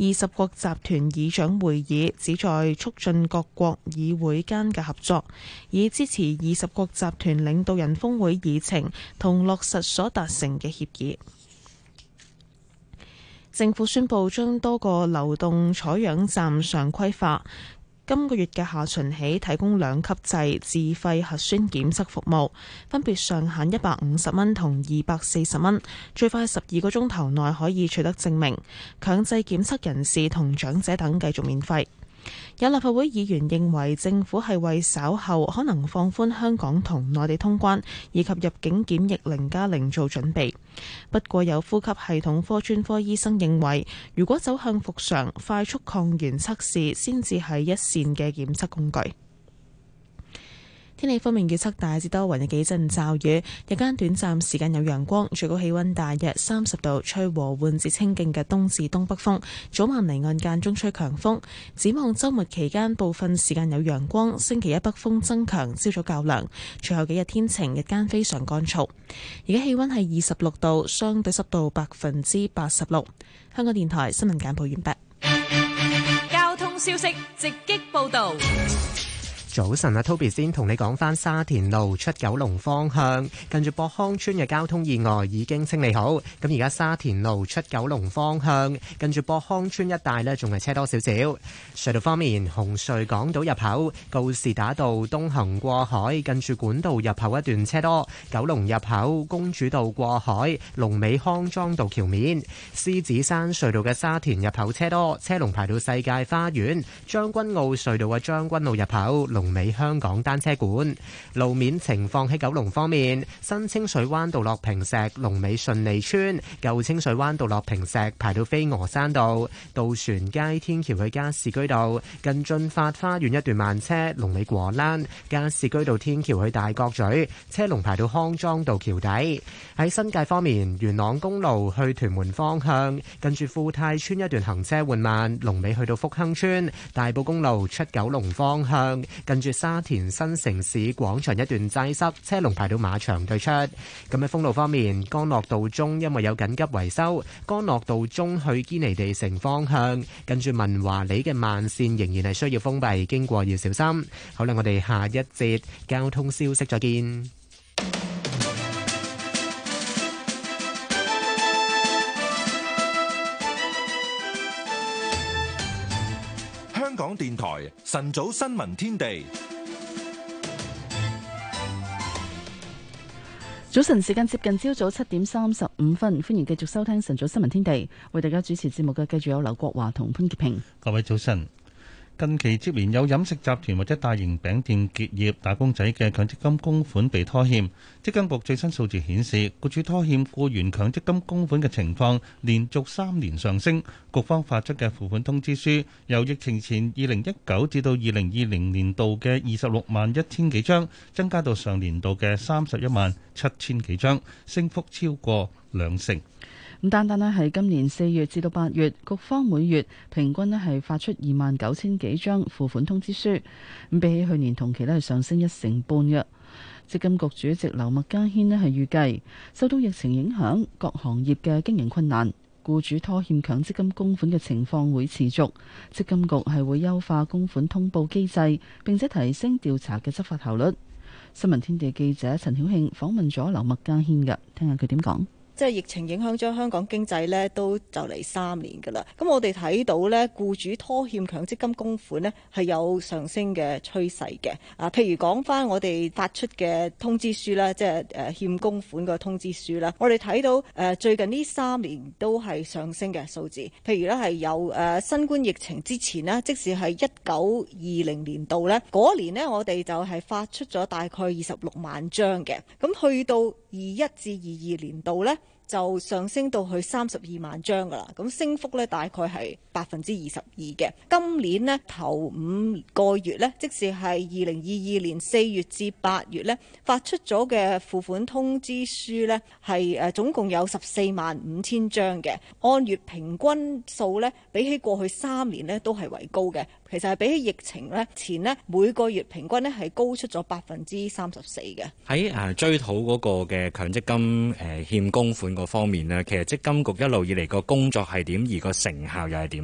二十國集團議長會議旨在促進各國議會間嘅合作，以支持二十國集團領導人峰會議程同落實所達成嘅協議。政府宣布將多個流動採樣站常規化，今個月嘅下旬起提供兩級制自費核酸檢測服務，分別上限一百五十蚊同二百四十蚊，最快十二個鐘頭內可以取得證明。強制檢測人士同長者等繼續免費。有立法會議員認為政府係為稍後可能放寬香港同內地通關以及入境檢疫零加零做準備。不過有呼吸系統科專科醫生認為，如果走向復常，快速抗原測試先至係一線嘅檢測工具。天氣方面預測大致多雲，有幾陣驟雨，日間短暫時間有陽光，最高氣溫大約三十度，吹和緩至清勁嘅東至東北風，早晚離岸間中吹強風。展望週末期間部分時間有陽光，星期一北風增強，朝早較涼，隨後幾日天晴，日間非常乾燥。而家氣溫係二十六度，相對濕度百分之八十六。香港電台新聞簡報完畢。交通消息直擊報道。早晨啊，Toby 先同你講翻沙田路出九龍方向，近住博康邨嘅交通意外已經清理好。咁而家沙田路出九龍方向，近住博康邨一帶咧，仲係車多少少。隧道方面，紅隧港島入口告士打道東行過海，近住管道入口一段車多；九龍入口公主道過海，龍尾康莊道橋面，獅子山隧道嘅沙田入口車多，車龍排到世界花園將軍澳隧道嘅將軍澳入口龍。龍尾香港單車館路面情況。喺九龍方面，新清水灣道落坪石，龍尾順利村；舊清水灣道落坪石，排到飛鵝山道；渡船街天橋去加士居道，近駿發花園一段慢車；龍尾果欄，加士居道天橋去大角咀，車龍排到康莊道橋底。喺新界方面，元朗公路去屯門方向，近住富泰村一段行車緩慢；龍尾去到福亨村，大埔公路出九龍方向。跟住沙田新城市廣場一段擠塞，車龍排到馬場對出。咁喺封路方面，干諾道中因為有緊急維修，干諾道中去堅尼地城方向，跟住文華里嘅慢線仍然係需要封閉，經過要小心。好啦，我哋下一節交通消息再見。香港電台晨早新聞天地，早晨時間接近朝早七點三十五分，歡迎繼續收聽晨早新聞天地，為大家主持節目嘅，繼續有劉國華同潘潔平，各位早晨。近期接連有飲食集團或者大型餅店結業，打工仔嘅強積金供款被拖欠。積金局最新數字顯示，僱主拖欠僱員強積金供款嘅情況連續三年上升。局方發出嘅付款通知書，由疫情前二零一九至到二零二零年度嘅二十六萬一千幾張，增加到上年度嘅三十一萬七千幾張，升幅超過兩成。咁單單呢係今年四月至到八月，局方每月平均呢係發出二萬九千幾張付款通知書，咁比起去年同期呢係上升一成半嘅。積金局主席劉麥嘉軒呢，係預計受到疫情影響各行業嘅經營困難，僱主拖欠強積金供款嘅情況會持續，積金局係會優化供款通報機制，並且提升調查嘅執法效率。新聞天地記者陳曉慶訪問咗劉麥嘉軒嘅，聽下佢點講。即係疫情影響咗香港經濟呢，都就嚟三年㗎啦。咁我哋睇到呢，僱主拖欠強積金供款呢係有上升嘅趨勢嘅。啊，譬如講返我哋發出嘅通知書啦，即係欠供款個通知書啦。我哋睇到誒最近呢三年都係上升嘅數字。譬如呢，係有誒新冠疫情之前咧，即使係一九二零年度呢嗰年呢，我哋就係發出咗大概二十六萬張嘅。咁去到二一至二二年度呢，就上升到去三十二萬張㗎啦，咁升幅咧大概係百分之二十二嘅。今年呢頭五個月呢，即是係二零二二年四月至八月呢發出咗嘅付款通知書呢係誒總共有十四萬五千張嘅，按月平均數呢比起過去三年呢都係為高嘅，其實係比起疫情呢前呢每個月平均呢係高出咗百分之三十四嘅。喺誒追討嗰個嘅強積金誒欠供款嗰方面呢，其實積金局一路以嚟個工作係點，而個成效又係點。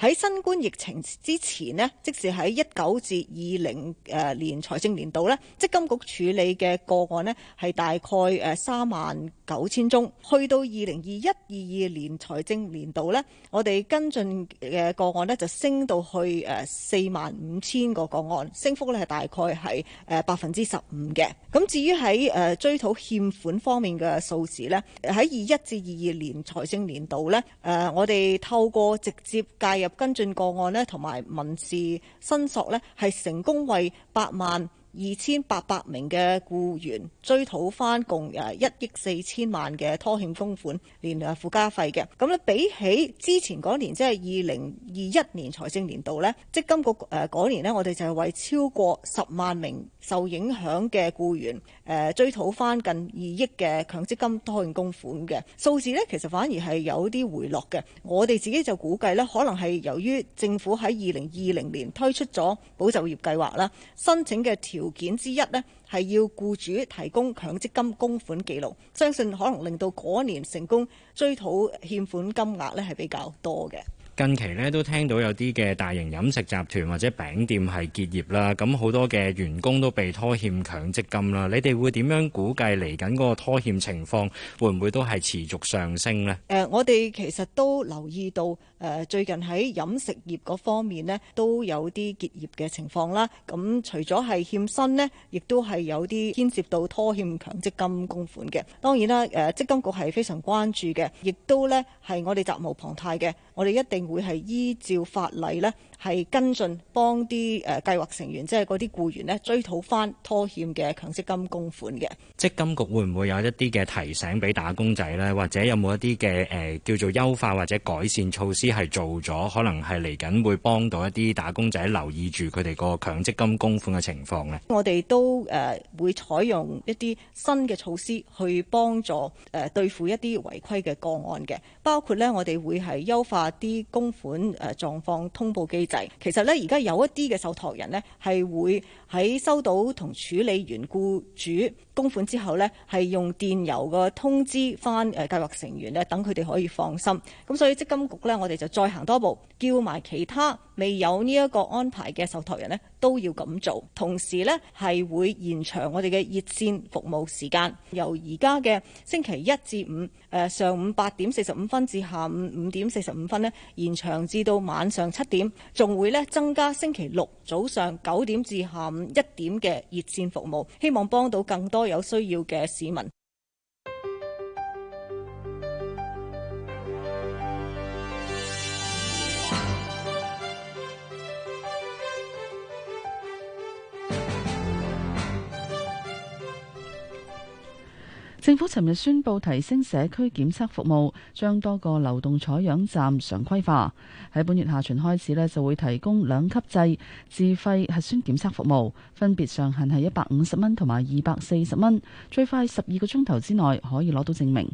喺新冠疫情之前咧，即是喺一九至二零誒年財政年度咧，積金局處理嘅個案咧係大概誒三萬九千宗。去到二零二一二二年財政年度咧，我哋跟進嘅個案咧就升到去誒四萬五千個個案，升幅咧係大概係誒百分之十五嘅。咁至於，喺誒追討欠款方面嘅數字咧，喺二一至二二年財政年度咧，誒我哋透過直接介入，跟進個案呢，同埋民事申索呢，係成功為八萬。二千八百名嘅僱員追討翻共誒一億四千萬嘅拖欠供款連同附加費嘅，咁咧比起之前嗰年，即係二零二一年財政年度咧，積金局誒嗰年咧，我哋就係為超過十萬名受影響嘅僱員誒、呃、追討翻近二億嘅強積金拖欠供款嘅數字咧，其實反而係有啲回落嘅。我哋自己就估計咧，可能係由於政府喺二零二零年推出咗保就業計劃啦，申請嘅條。條件之一呢，係要僱主提供強積金供款記錄，相信可能令到嗰一年成功追討欠款金額呢係比較多嘅。近期呢都聽到有啲嘅大型飲食集團或者餅店係結業啦，咁好多嘅員工都被拖欠強積金啦。你哋會點樣估計嚟緊嗰個拖欠情況會唔會都係持續上升呢？誒，我哋其實都留意到。誒最近喺飲食業嗰方面呢，都有啲結業嘅情況啦。咁除咗係欠薪呢，亦都係有啲牽涉到拖欠強積金供款嘅。當然啦，誒積金局係非常關注嘅，亦都呢係我哋責無旁貸嘅。我哋一定會係依照法例呢係跟進，幫啲誒計劃成員，即係嗰啲僱員呢，追討翻拖欠嘅強積金供款嘅。積金局會唔會有一啲嘅提醒俾打工仔呢？或者有冇一啲嘅誒叫做優化或者改善措施？啲係做咗，可能係嚟緊會幫到一啲打工仔留意住佢哋個強積金供款嘅情況咧。我哋都誒會採用一啲新嘅措施去幫助誒對付一啲違規嘅個案嘅，包括咧我哋會係優化啲供款誒狀況通報機制。其實咧而家有一啲嘅受託人咧係會喺收到同處理完僱主。供款之後呢，係用電郵嘅通知翻誒計劃成員咧，等佢哋可以放心。咁所以積金局呢，我哋就再行多步，叫埋其他未有呢一個安排嘅受託人呢，都要咁做。同時呢，係會延長我哋嘅熱線服務時間，由而家嘅星期一至五，上午八點四十五分至下午五點四十五分呢，延長至到晚上七點，仲會呢，增加星期六早上九點至下午一點嘅熱線服務，希望幫到更多有需要嘅市民。政府尋日宣布提升社區檢測服務，將多個流動採樣站常規化。喺本月下旬開始呢，就會提供兩級制自費核酸檢測服務，分別上限係一百五十蚊同埋二百四十蚊，最快十二個鐘頭之內可以攞到證明。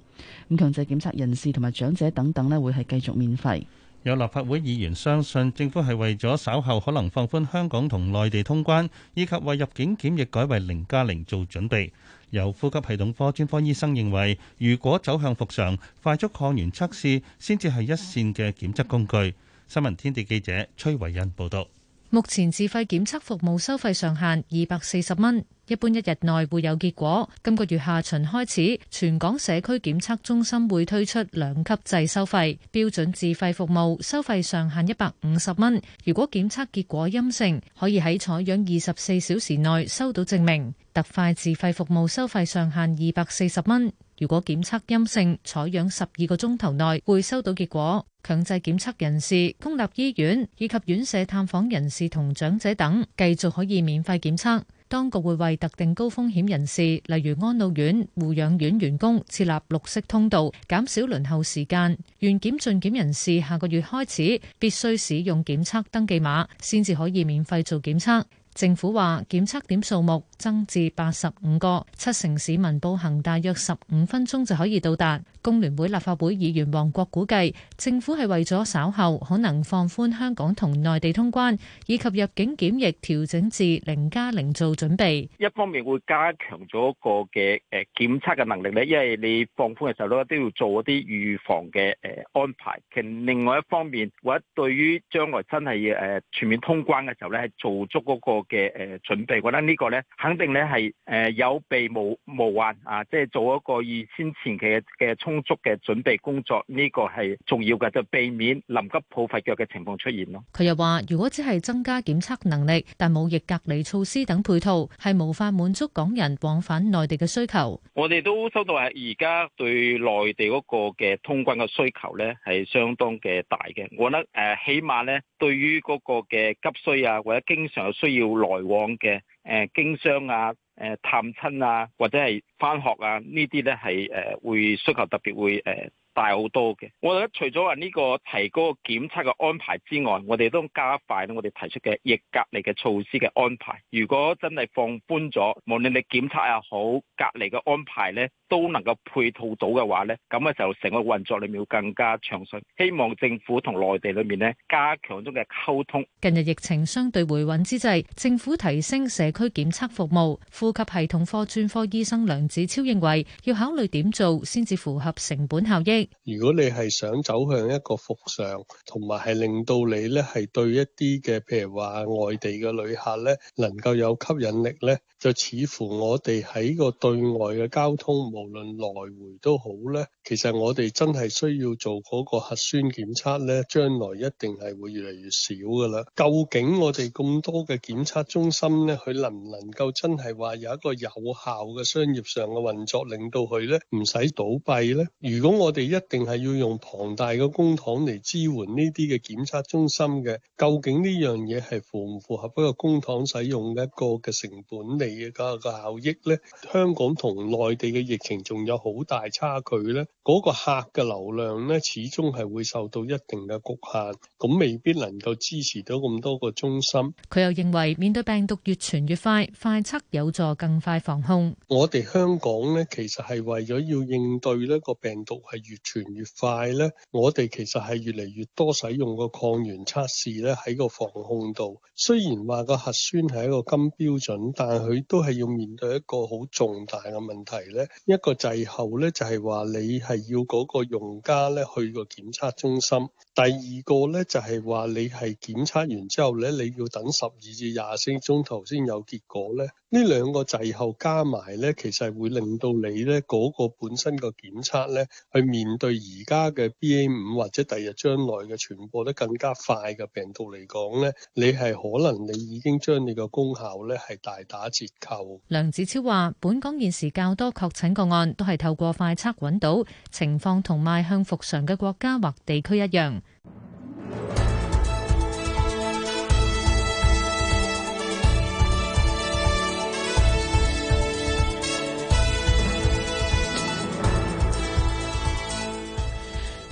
咁強制檢測人士同埋長者等等呢，會係繼續免費。有立法會議員相信政府係為咗稍後可能放寬香港同內地通關，以及為入境檢疫改為零加零做準備。由呼吸系統科專科醫生認為，如果走向復常，快速抗原測試先至係一綫嘅檢測工具。新聞天地記者崔維恩報道。目前自費檢測服務收費上限二百四十蚊，一般一日內會有結果。今個月下旬開始，全港社區檢測中心會推出兩級制收費標準，自費服務收費上限一百五十蚊。如果檢測結果陰性，可以喺採樣二十四小時內收到證明。特快自費服務收費上限二百四十蚊。如果檢測陰性，採樣十二個鐘頭內會收到結果。強制檢測人士、公立醫院以及院舍探訪人士同長者等，繼續可以免費檢測。當局會為特定高風險人士，例如安老院、護養院員工，設立綠色通道，減少輪候時間。原檢進檢願檢盡檢人士下個月開始必須使用檢測登記碼，先至可以免費做檢測。政府話，檢測點數目，增至八十五個，七成市民步行大約十五分鐘就可以到達。工聯會立法會議員黃國估計，政府係為咗稍後可能放寬香港同內地通關以及入境檢疫調整至零加零做準備。一方面會加強咗個嘅，呃，檢測嘅能力呢，因為你放寬嘅時候呢都要做一啲預防嘅，呃，安排。其實另外一方面，或者對於將來真係，呃，全面通關嘅時候呢，係做足嗰個嘅，呃，準備，我覺得呢個呢，肯定咧係誒有備無無患啊！即係做一個預先前期嘅嘅充足嘅準備工作，呢個係重要嘅，就避免臨急抱佛腳嘅情況出現咯。佢又話：如果只係增加檢測能力，但冇疫隔離措施等配套，係無法滿足港人往返內地嘅需求。我哋都收到係而家對內地嗰個嘅通關嘅需求咧，係相當嘅大嘅。我覺得誒，起碼咧，對於嗰個嘅急需啊，或者經常需要來往嘅。誒、呃、經商啊，誒、呃、探親啊，或者係，翻學啊！呢啲咧係誒會需求特別會誒大好多嘅。我覺得除咗話呢個提高檢測嘅安排之外，我哋都加快我哋提出嘅疫隔離嘅措施嘅安排。如果真係放寬咗，無論你檢測又好隔離嘅安排咧，都能夠配套到嘅話咧，咁咧就成個運作裏面會更加暢順。希望政府同內地裏面咧加強中嘅溝通。近日疫情相對回穩之際，政府提升社區檢測服務，呼吸系統科專科醫生梁。志超認為要考慮點做先至符合成本效益。如果你係想走向一個復常，同埋係令到你咧係對一啲嘅，譬如話外地嘅旅客咧能夠有吸引力咧，就似乎我哋喺個對外嘅交通，無論來回都好咧，其實我哋真係需要做嗰個核酸檢測咧，將來一定係會越嚟越少噶啦。究竟我哋咁多嘅檢測中心咧，佢能唔能夠真係話有一個有效嘅商業？上嘅運作令到佢咧唔使倒閉咧。如果我哋一定係要用龐大嘅公帑嚟支援呢啲嘅檢測中心嘅，究竟呢樣嘢係符唔符合一個公帑使用一個嘅成本嚟嘅嗰個效益咧？香港同內地嘅疫情仲有好大差距咧。嗰個客嘅流量咧，始終係會受到一定嘅局限，咁未必能夠支持到咁多個中心。佢又認為面對病毒越傳越快，快測有助更快防控。我哋香香港咧，其實係為咗要應對呢個病毒係越傳越快咧，我哋其實係越嚟越多使用個抗原測試咧喺個防控度。雖然話個核酸係一個金標準，但係佢都係要面對一個好重大嘅問題咧。一個滯後咧，就係話你係要嗰個用家咧去個檢測中心。第二個咧就係話你係檢測完之後咧，你要等十二至廿四鐘頭先有結果咧。呢兩個滯後加埋咧，其實會令到你咧嗰個本身個檢測咧，去面對而家嘅 B A 五或者第日將來嘅傳播得更加快嘅病毒嚟講咧，你係可能你已經將你個功效咧係大打折扣。梁子超話，本港現時較多確診個案都係透過快測搵到情況，同邁向復常嘅國家或地區一樣。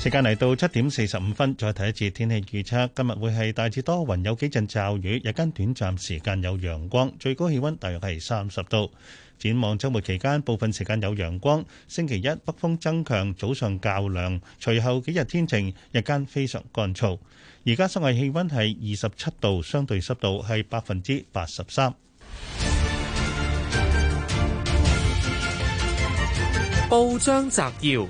時間嚟到七點四十五分，再睇一次天氣預測。今日會係大致多雲，有幾陣驟雨，日間短暫時間有陽光，最高氣温大約係三十度。展望週末期間，部分時間有陽光。星期一北風增強，早上較涼，隨後幾日天晴，日間非常乾燥。而家室外氣温係二十七度，相對濕度係百分之八十三。報章摘要：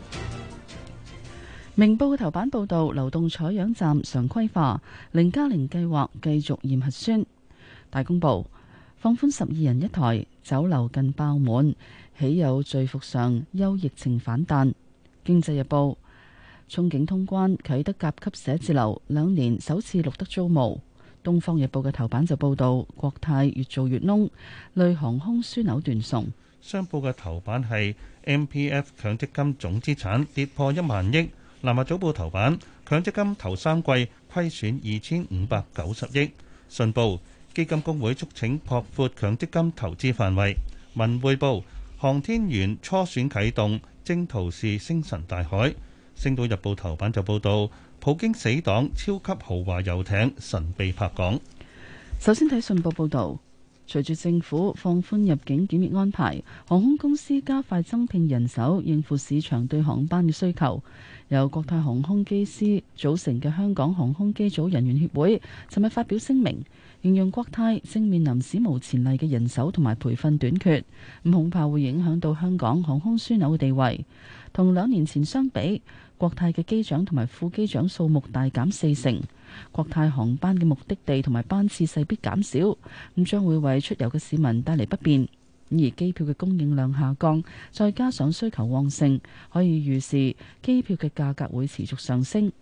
明報頭版報導，流動採樣站常規化，零加零計劃繼續驗核酸。大公報放寬十二人一台。酒樓近爆滿，喜有聚服上，憂疫情反彈。經濟日報，憧憬通關，啟德甲級寫字樓兩年首次錄得租務。東方日報嘅頭版就報導，國泰越做越窿，類航空樞紐斷送。商報嘅頭版係 M P F 強積金總資產跌破一萬億。南華早報頭版，強積金頭三季虧損二千五百九十億。信報。基金公會促請擴闊強積金投資範圍。文匯報：航天員初選啟動，征途是星辰大海。星島日報頭版就報道，普京死黨超級豪華遊艇神秘泊港。首先睇信報報道，隨住政府放寬入境檢疫安排，航空公司加快增聘人手，應付市場對航班嘅需求。由國泰航空機師組成嘅香港航空機組人員協會，尋日發表聲明。形容國泰正面臨史無前例嘅人手同埋培訓短缺，咁恐怕會影響到香港航空樞紐嘅地位。同兩年前相比，國泰嘅機長同埋副機長數目大減四成，國泰航班嘅目的地同埋班次勢必減少，咁將會為出遊嘅市民帶嚟不便。而機票嘅供應量下降，再加上需求旺盛，可以預示機票嘅價格會持續上升。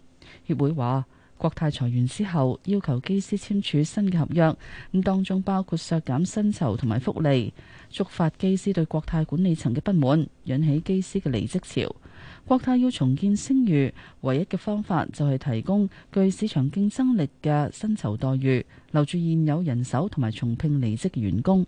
協會話。國泰裁員之後，要求機師簽署新嘅合約，咁當中包括削減薪酬同埋福利，觸發機師對國泰管理層嘅不滿，引起機師嘅離職潮。國泰要重建聲譽，唯一嘅方法就係提供具市場競爭力嘅薪酬待遇，留住現有人手同埋重聘離職嘅員工。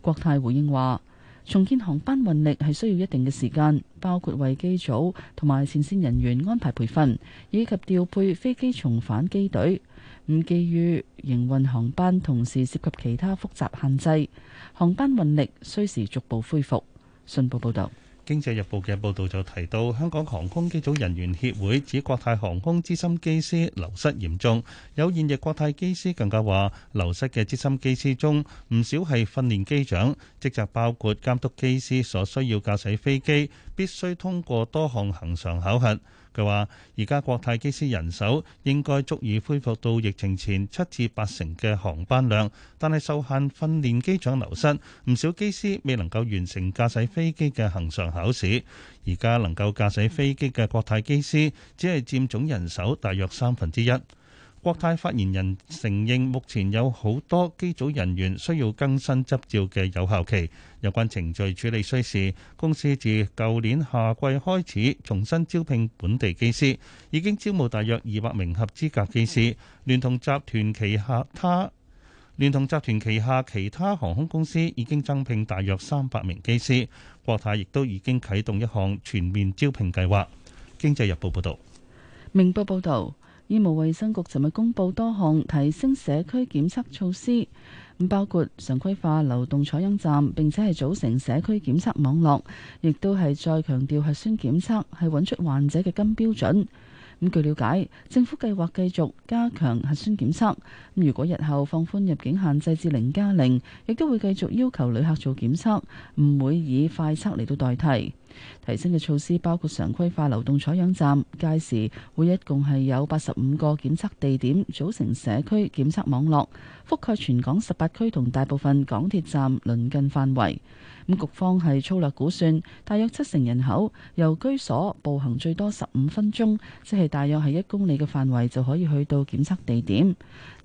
國泰回應話。重建航班運力係需要一定嘅時間，包括為機組同埋前線人員安排培訓，以及調配飛機重返機隊。唔基於營運航班同時涉及其他複雜限制，航班運力需時逐步恢復。信報報導。《經濟日報》嘅報導就提到，香港航空機組人員協會指國泰航空資深機師流失嚴重，有現役國泰機師更加話，流失嘅資深機師中，唔少係訓練機長，職責包括監督機師所需要駕駛飛機，必須通過多項恆常考核。佢話而家國泰機師人手應該足以恢復到疫情前七至八成嘅航班量，但係受限訓練機長流失，唔少機師未能夠完成駕駛飛機嘅恆常考試，而家能夠駕駛飛機嘅國泰機師，只係佔總人手大約三分之一。國泰發言人承認，目前有好多機組人員需要更新執照嘅有效期，有關程序處理需時。公司自舊年夏季開始重新招聘本地機師，已經招募大約二百名合資格機師，聯同集團旗下他聯同集團旗下其他航空公司已經增聘大約三百名機師。國泰亦都已經啟動一項全面招聘計劃。經濟日報報導。明報報導。醫務衛生局尋日公布多項提升社區檢測措施，包括常規化流動採樣站，並且係組成社區檢測網絡，亦都係再強調核酸檢測係揾出患者嘅金標準。咁據了解，政府計劃繼續加強核酸檢測。如果日後放寬入境限制至零加零，亦都會繼續要求旅客做檢測，唔會以快測嚟到代替。提升嘅措施包括常規化流動採樣站，屆時會一共係有八十五個檢測地點，組成社區檢測網絡，覆蓋全港十八區同大部分港鐵站鄰近範圍。咁局方係粗略估算，大約七成人口由居所步行最多十五分鐘，即係大約係一公里嘅範圍就可以去到檢測地點。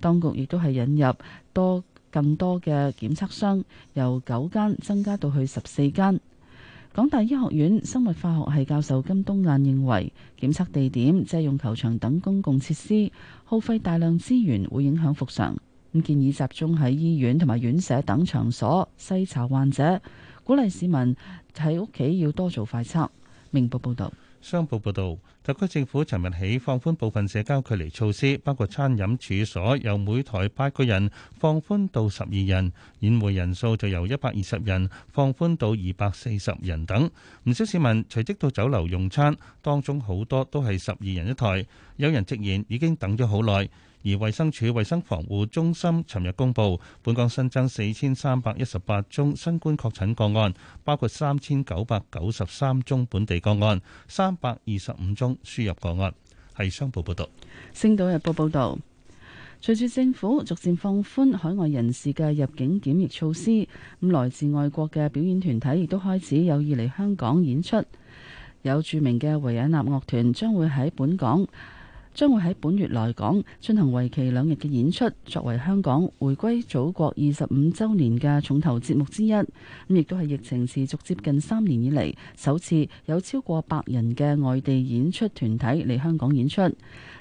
當局亦都係引入多更多嘅檢測商，由九間增加到去十四間。港大醫學院生物化學系教授金冬雁認為，檢測地點借用球場等公共設施，耗費大量資源，會影響復常。咁建議集中喺醫院同埋院舍等場所篩查患者。鼓勵市民喺屋企要多做快測。明報報道，商報報道，特區政府尋日起放寬部分社交距離措施，包括餐飲處所由每台八個人放寬到十二人，宴會人數就由一百二十人放寬到二百四十人等。唔少市民隨即到酒樓用餐，當中好多都係十二人一台，有人直言已經等咗好耐。而衛生署衛生防護中心尋日公布，本港新增四千三百一十八宗新冠確診個案，包括三千九百九十三宗本地個案，三百二十五宗輸入個案。係商報報導，《星島日報》報導，隨住政府逐漸放寬海外人士嘅入境檢疫措施，咁來自外國嘅表演團體亦都開始有意嚟香港演出，有著名嘅維也納樂團將會喺本港。將會喺本月來港進行為期兩日嘅演出，作為香港回歸祖國二十五週年嘅重頭節目之一。咁亦都係疫情持續接近三年以嚟，首次有超過百人嘅外地演出團體嚟香港演出。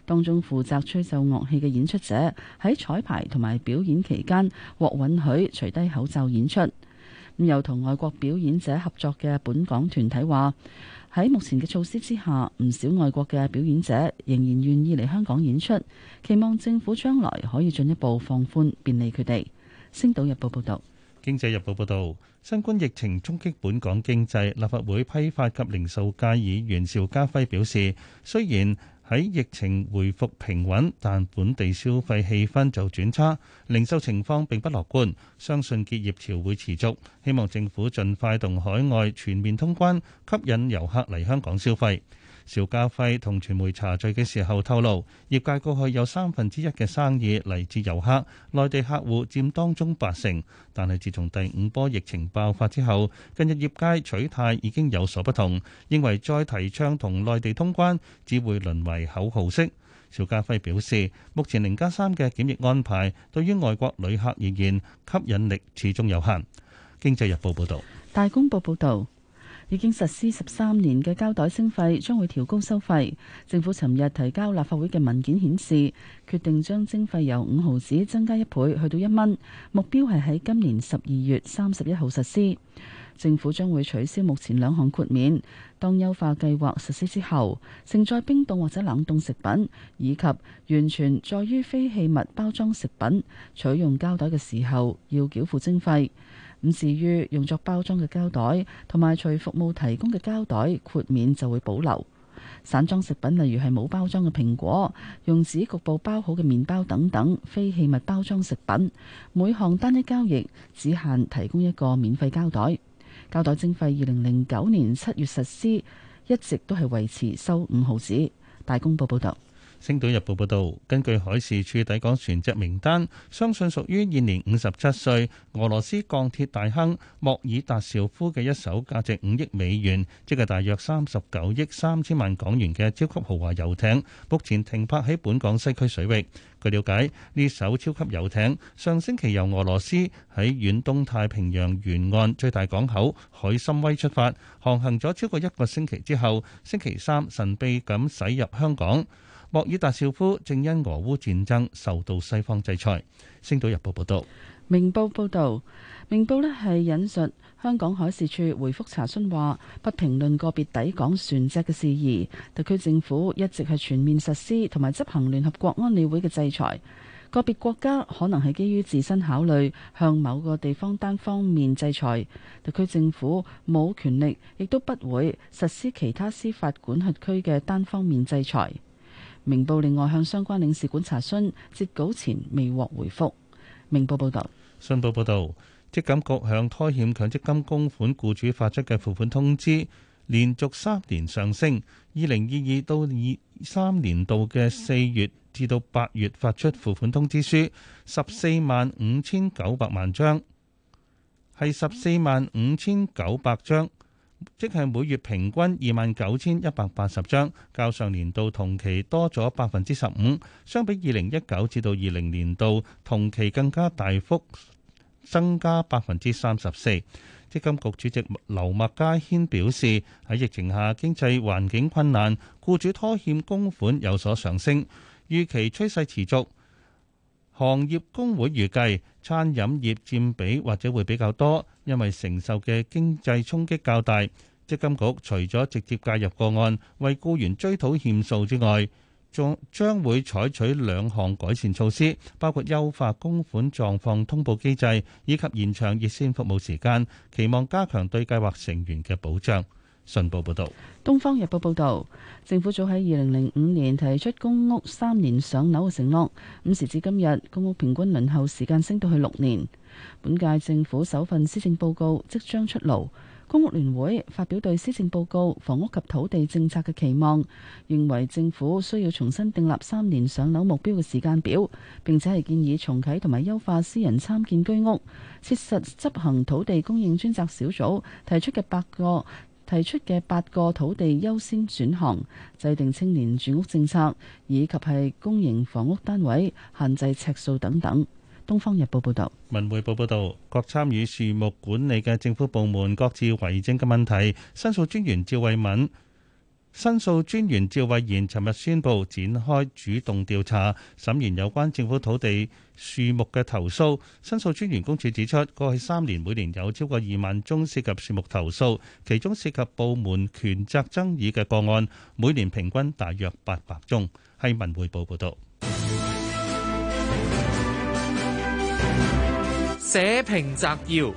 當中負責吹奏樂器嘅演出者喺彩排同埋表演期間獲允許除低口罩演出。咁又同外國表演者合作嘅本港團體話，喺目前嘅措施之下，唔少外國嘅表演者仍然願意嚟香港演出，期望政府將來可以進一步放寬便利佢哋。星島日報報導，經濟日報報導，新冠疫情衝擊本港經濟，立法會批發及零售界議員邵家輝表示，雖然喺疫情回復平穩，但本地消費氣氛就轉差，零售情況並不樂觀，相信結業潮會持續，希望政府盡快同海外全面通關，吸引遊客嚟香港消費。邵家輝同傳媒茶敘嘅時候透露，業界過去有三分之一嘅生意嚟自遊客，內地客戶佔當中八成。但係自從第五波疫情爆發之後，近日業界取態已經有所不同，認為再提倡同內地通關只會淪為口號式。邵家輝表示，目前零加三嘅檢疫安排對於外國旅客而言吸引力始終有限。經濟日報報道，大公報報道。已經實施十三年嘅膠袋徵費，將會調高收費。政府尋日提交立法會嘅文件顯示，決定將徵費由五毫子增加一倍去到一蚊，目標係喺今年十二月三十一號實施。政府將會取消目前兩項豁免，當優化計劃實施之後，盛載冰凍或者冷凍食品以及完全在於非器物包裝食品，採用膠袋嘅時候要繳付徵費。咁至於用作包裝嘅膠袋同埋隨服務提供嘅膠袋，豁免就會保留散裝食品，例如係冇包裝嘅蘋果、用紙局部包好嘅麵包等等非器物包裝食品。每項單一交易只限提供一個免費膠袋。膠袋徵費，二零零九年七月實施，一直都係維持收五毫紙。大公報報道。星島日報報道，根據海事處抵港船隻名單，相信屬於現年五十七歲，俄羅斯鋼鐵大亨，莫爾達紹夫嘅一艘價值五億美元，即係大約三十九億三千萬港元嘅超級豪華遊艇，莫爾達少夫正因俄烏戰爭受到西方制裁，《星島日報》報道，明報報道《明報》報道，《明報》呢係引述香港海事處回覆查詢話，不評論個別抵港船隻嘅事宜。特區政府一直係全面實施同埋執行聯合國安理會嘅制裁。個別國家可能係基於自身考慮，向某個地方單方面制裁。特區政府冇權力，亦都不會實施其他司法管轄區嘅單方面制裁。明報另外向相關領事館查詢，截稿前未獲回覆。明報報道：信報報道，積金局向拖欠強積金供款雇主發出嘅付款通知，連續三年上升。二零二二到二三年度嘅四月至到八月發出付款通知書，十四萬五千九百萬張，係十四萬五千九百張。即係每月平均二萬九千一百八十張，較上年度同期多咗百分之十五，相比二零一九至到二零年度同期更加大幅增加百分之三十四。積金局主席劉麥嘉軒表示，喺疫情下經濟環境困難，僱主拖欠供款有所上升，預期趨勢持續。行業工會預計，餐飲業占比或者會比較多，因為承受嘅經濟衝擊較大。積金局除咗直接介入個案，為雇員追討欠數之外，仲將會採取兩項改善措施，包括信報報道：《東方日報》報道，政府早喺二零零五年提出公屋三年上樓嘅承諾。咁時至今日，公屋平均輪候時間升到去六年。本屆政府首份施政報告即將出爐，公屋聯會發表對施政報告房屋及土地政策嘅期望，認為政府需要重新訂立三年上樓目標嘅時間表，並且係建議重啟同埋優化私人參建居屋，切實執行土地供應專責小組提出嘅八個。提出嘅八個土地優先轉行、制定青年住屋政策，以及係公營房屋單位限制尺數等等。《東方日報》報道，《文匯報》報道，各參與樹木管理嘅政府部門各自為政嘅問題。申訴專員趙慧敏。申訴專員趙慧賢尋日宣布展開主動調查，審完有關政府土地樹木嘅投訴。申訴專員公署指出，過去三年每年有超過二萬宗涉及樹木投訴，其中涉及部門權責爭議嘅個案，每年平均大約八百宗。係文匯報報道。社評摘要。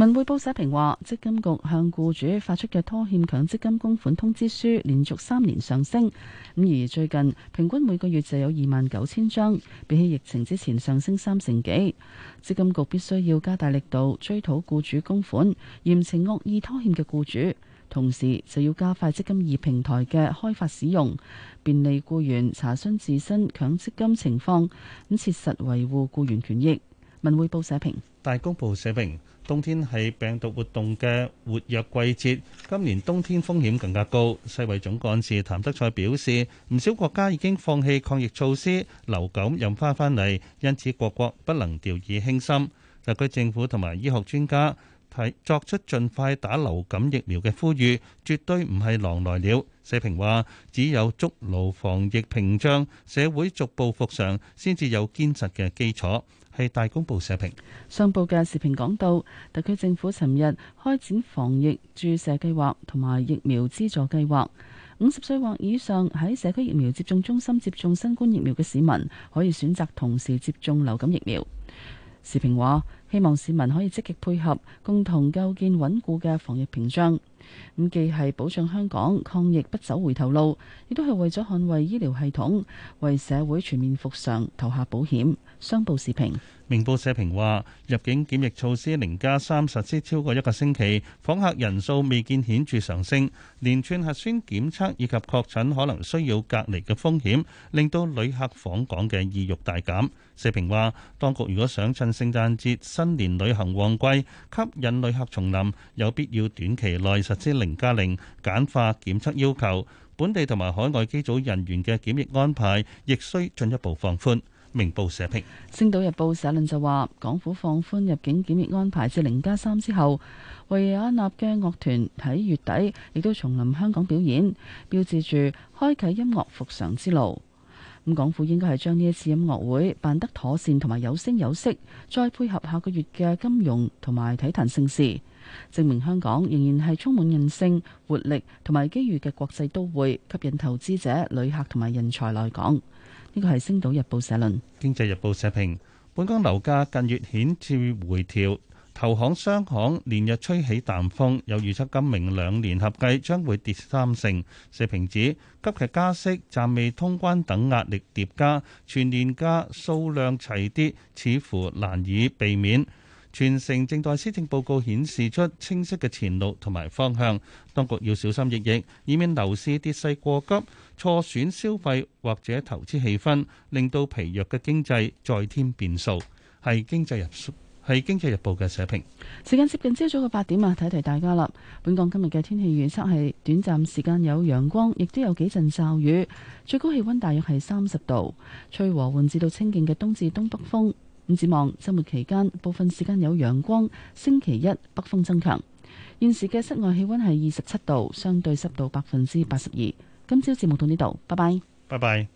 文匯報社評話，積金局向僱主發出嘅拖欠強積金公款通知書連續三年上升，咁而最近平均每個月就有二萬九千張，比起疫情之前上升三成幾。積金局必須要加大力度追討僱主公款，嚴懲惡意拖欠嘅僱主，同時就要加快積金易平台嘅開發使用，便利僱員查詢自身強積金情況，咁切實維護僱員權益。文匯報社評，大公報社評。冬天係病毒活動嘅活躍季節，今年冬天風險更加高。世衞總幹事譚德塞表示，唔少國家已經放棄抗疫措施，流感又翻返嚟，因此各國不能掉以輕心。特區政府同埋醫學專家提作出盡快打流感疫苗嘅呼籲，絕對唔係狼來了。社評話，只有築牢防疫屏障，社會逐步復常，先至有堅實嘅基礎。大公報社評上報嘅社評講到，特區政府尋日開展防疫注射計劃同埋疫苗資助計劃，五十歲或以上喺社區疫苗接種中心接種新冠疫苗嘅市民可以選擇同時接種流感疫苗。社評話，希望市民可以積極配合，共同構建穩固嘅防疫屏障。咁既係保障香港抗疫不走回頭路，亦都係為咗捍衛醫療系統，為社會全面復常投下保險。商報社評，明報社評話，入境檢疫措施零加三實施超過一個星期，訪客人數未見顯著上升，連串核酸檢測以及確診可能需要隔離嘅風險，令到旅客訪港嘅意慾大減。社評話，當局如果想趁聖誕節、新年旅行旺季吸引旅客重臨，有必要短期內實至零加零簡化檢測要求，本地同埋海外機組人員嘅檢疫安排亦需進一步放寬，明報社評，星島日報社論就話港府放寬入境檢疫安排至零加三之後，維也納嘅樂團喺月底亦都重臨香港表演，標誌住開啟音樂復常之路。咁港府應該係將呢一次音樂會辦得妥善同埋有聲有色，再配合下個月嘅金融同埋體壇盛事。證明香港仍然係充滿韌性、活力同埋機遇嘅國際都會，吸引投資者、旅客同埋人才來港。呢個係《星島日報》社論，《經濟日報》社評。本港樓價近月顯著回調，投行、商行連日吹起淡風，有預測今明兩年合計將會跌三成。社評指急劇加息、暫未通關等壓力疊加，全年價數量齊跌，似乎難以避免。全城正待施政報告顯示出清晰嘅前路同埋方向，當局要小心翼翼，以免樓市跌勢過急，錯損消費或者投資氣氛，令到疲弱嘅經濟再添變數。係經濟日係經濟日報嘅社評。時間接近朝早嘅八點啊，提提大家啦。本港今日嘅天氣預測係短暫時間有陽光，亦都有幾陣驟雨，最高氣溫大約係三十度，吹和緩至到清勁嘅東至東北風。展望周末期間部分時間有陽光，星期一北風增強。現時嘅室外氣溫係二十七度，相對濕度百分之八十二。今朝節目到呢度，拜拜，拜拜。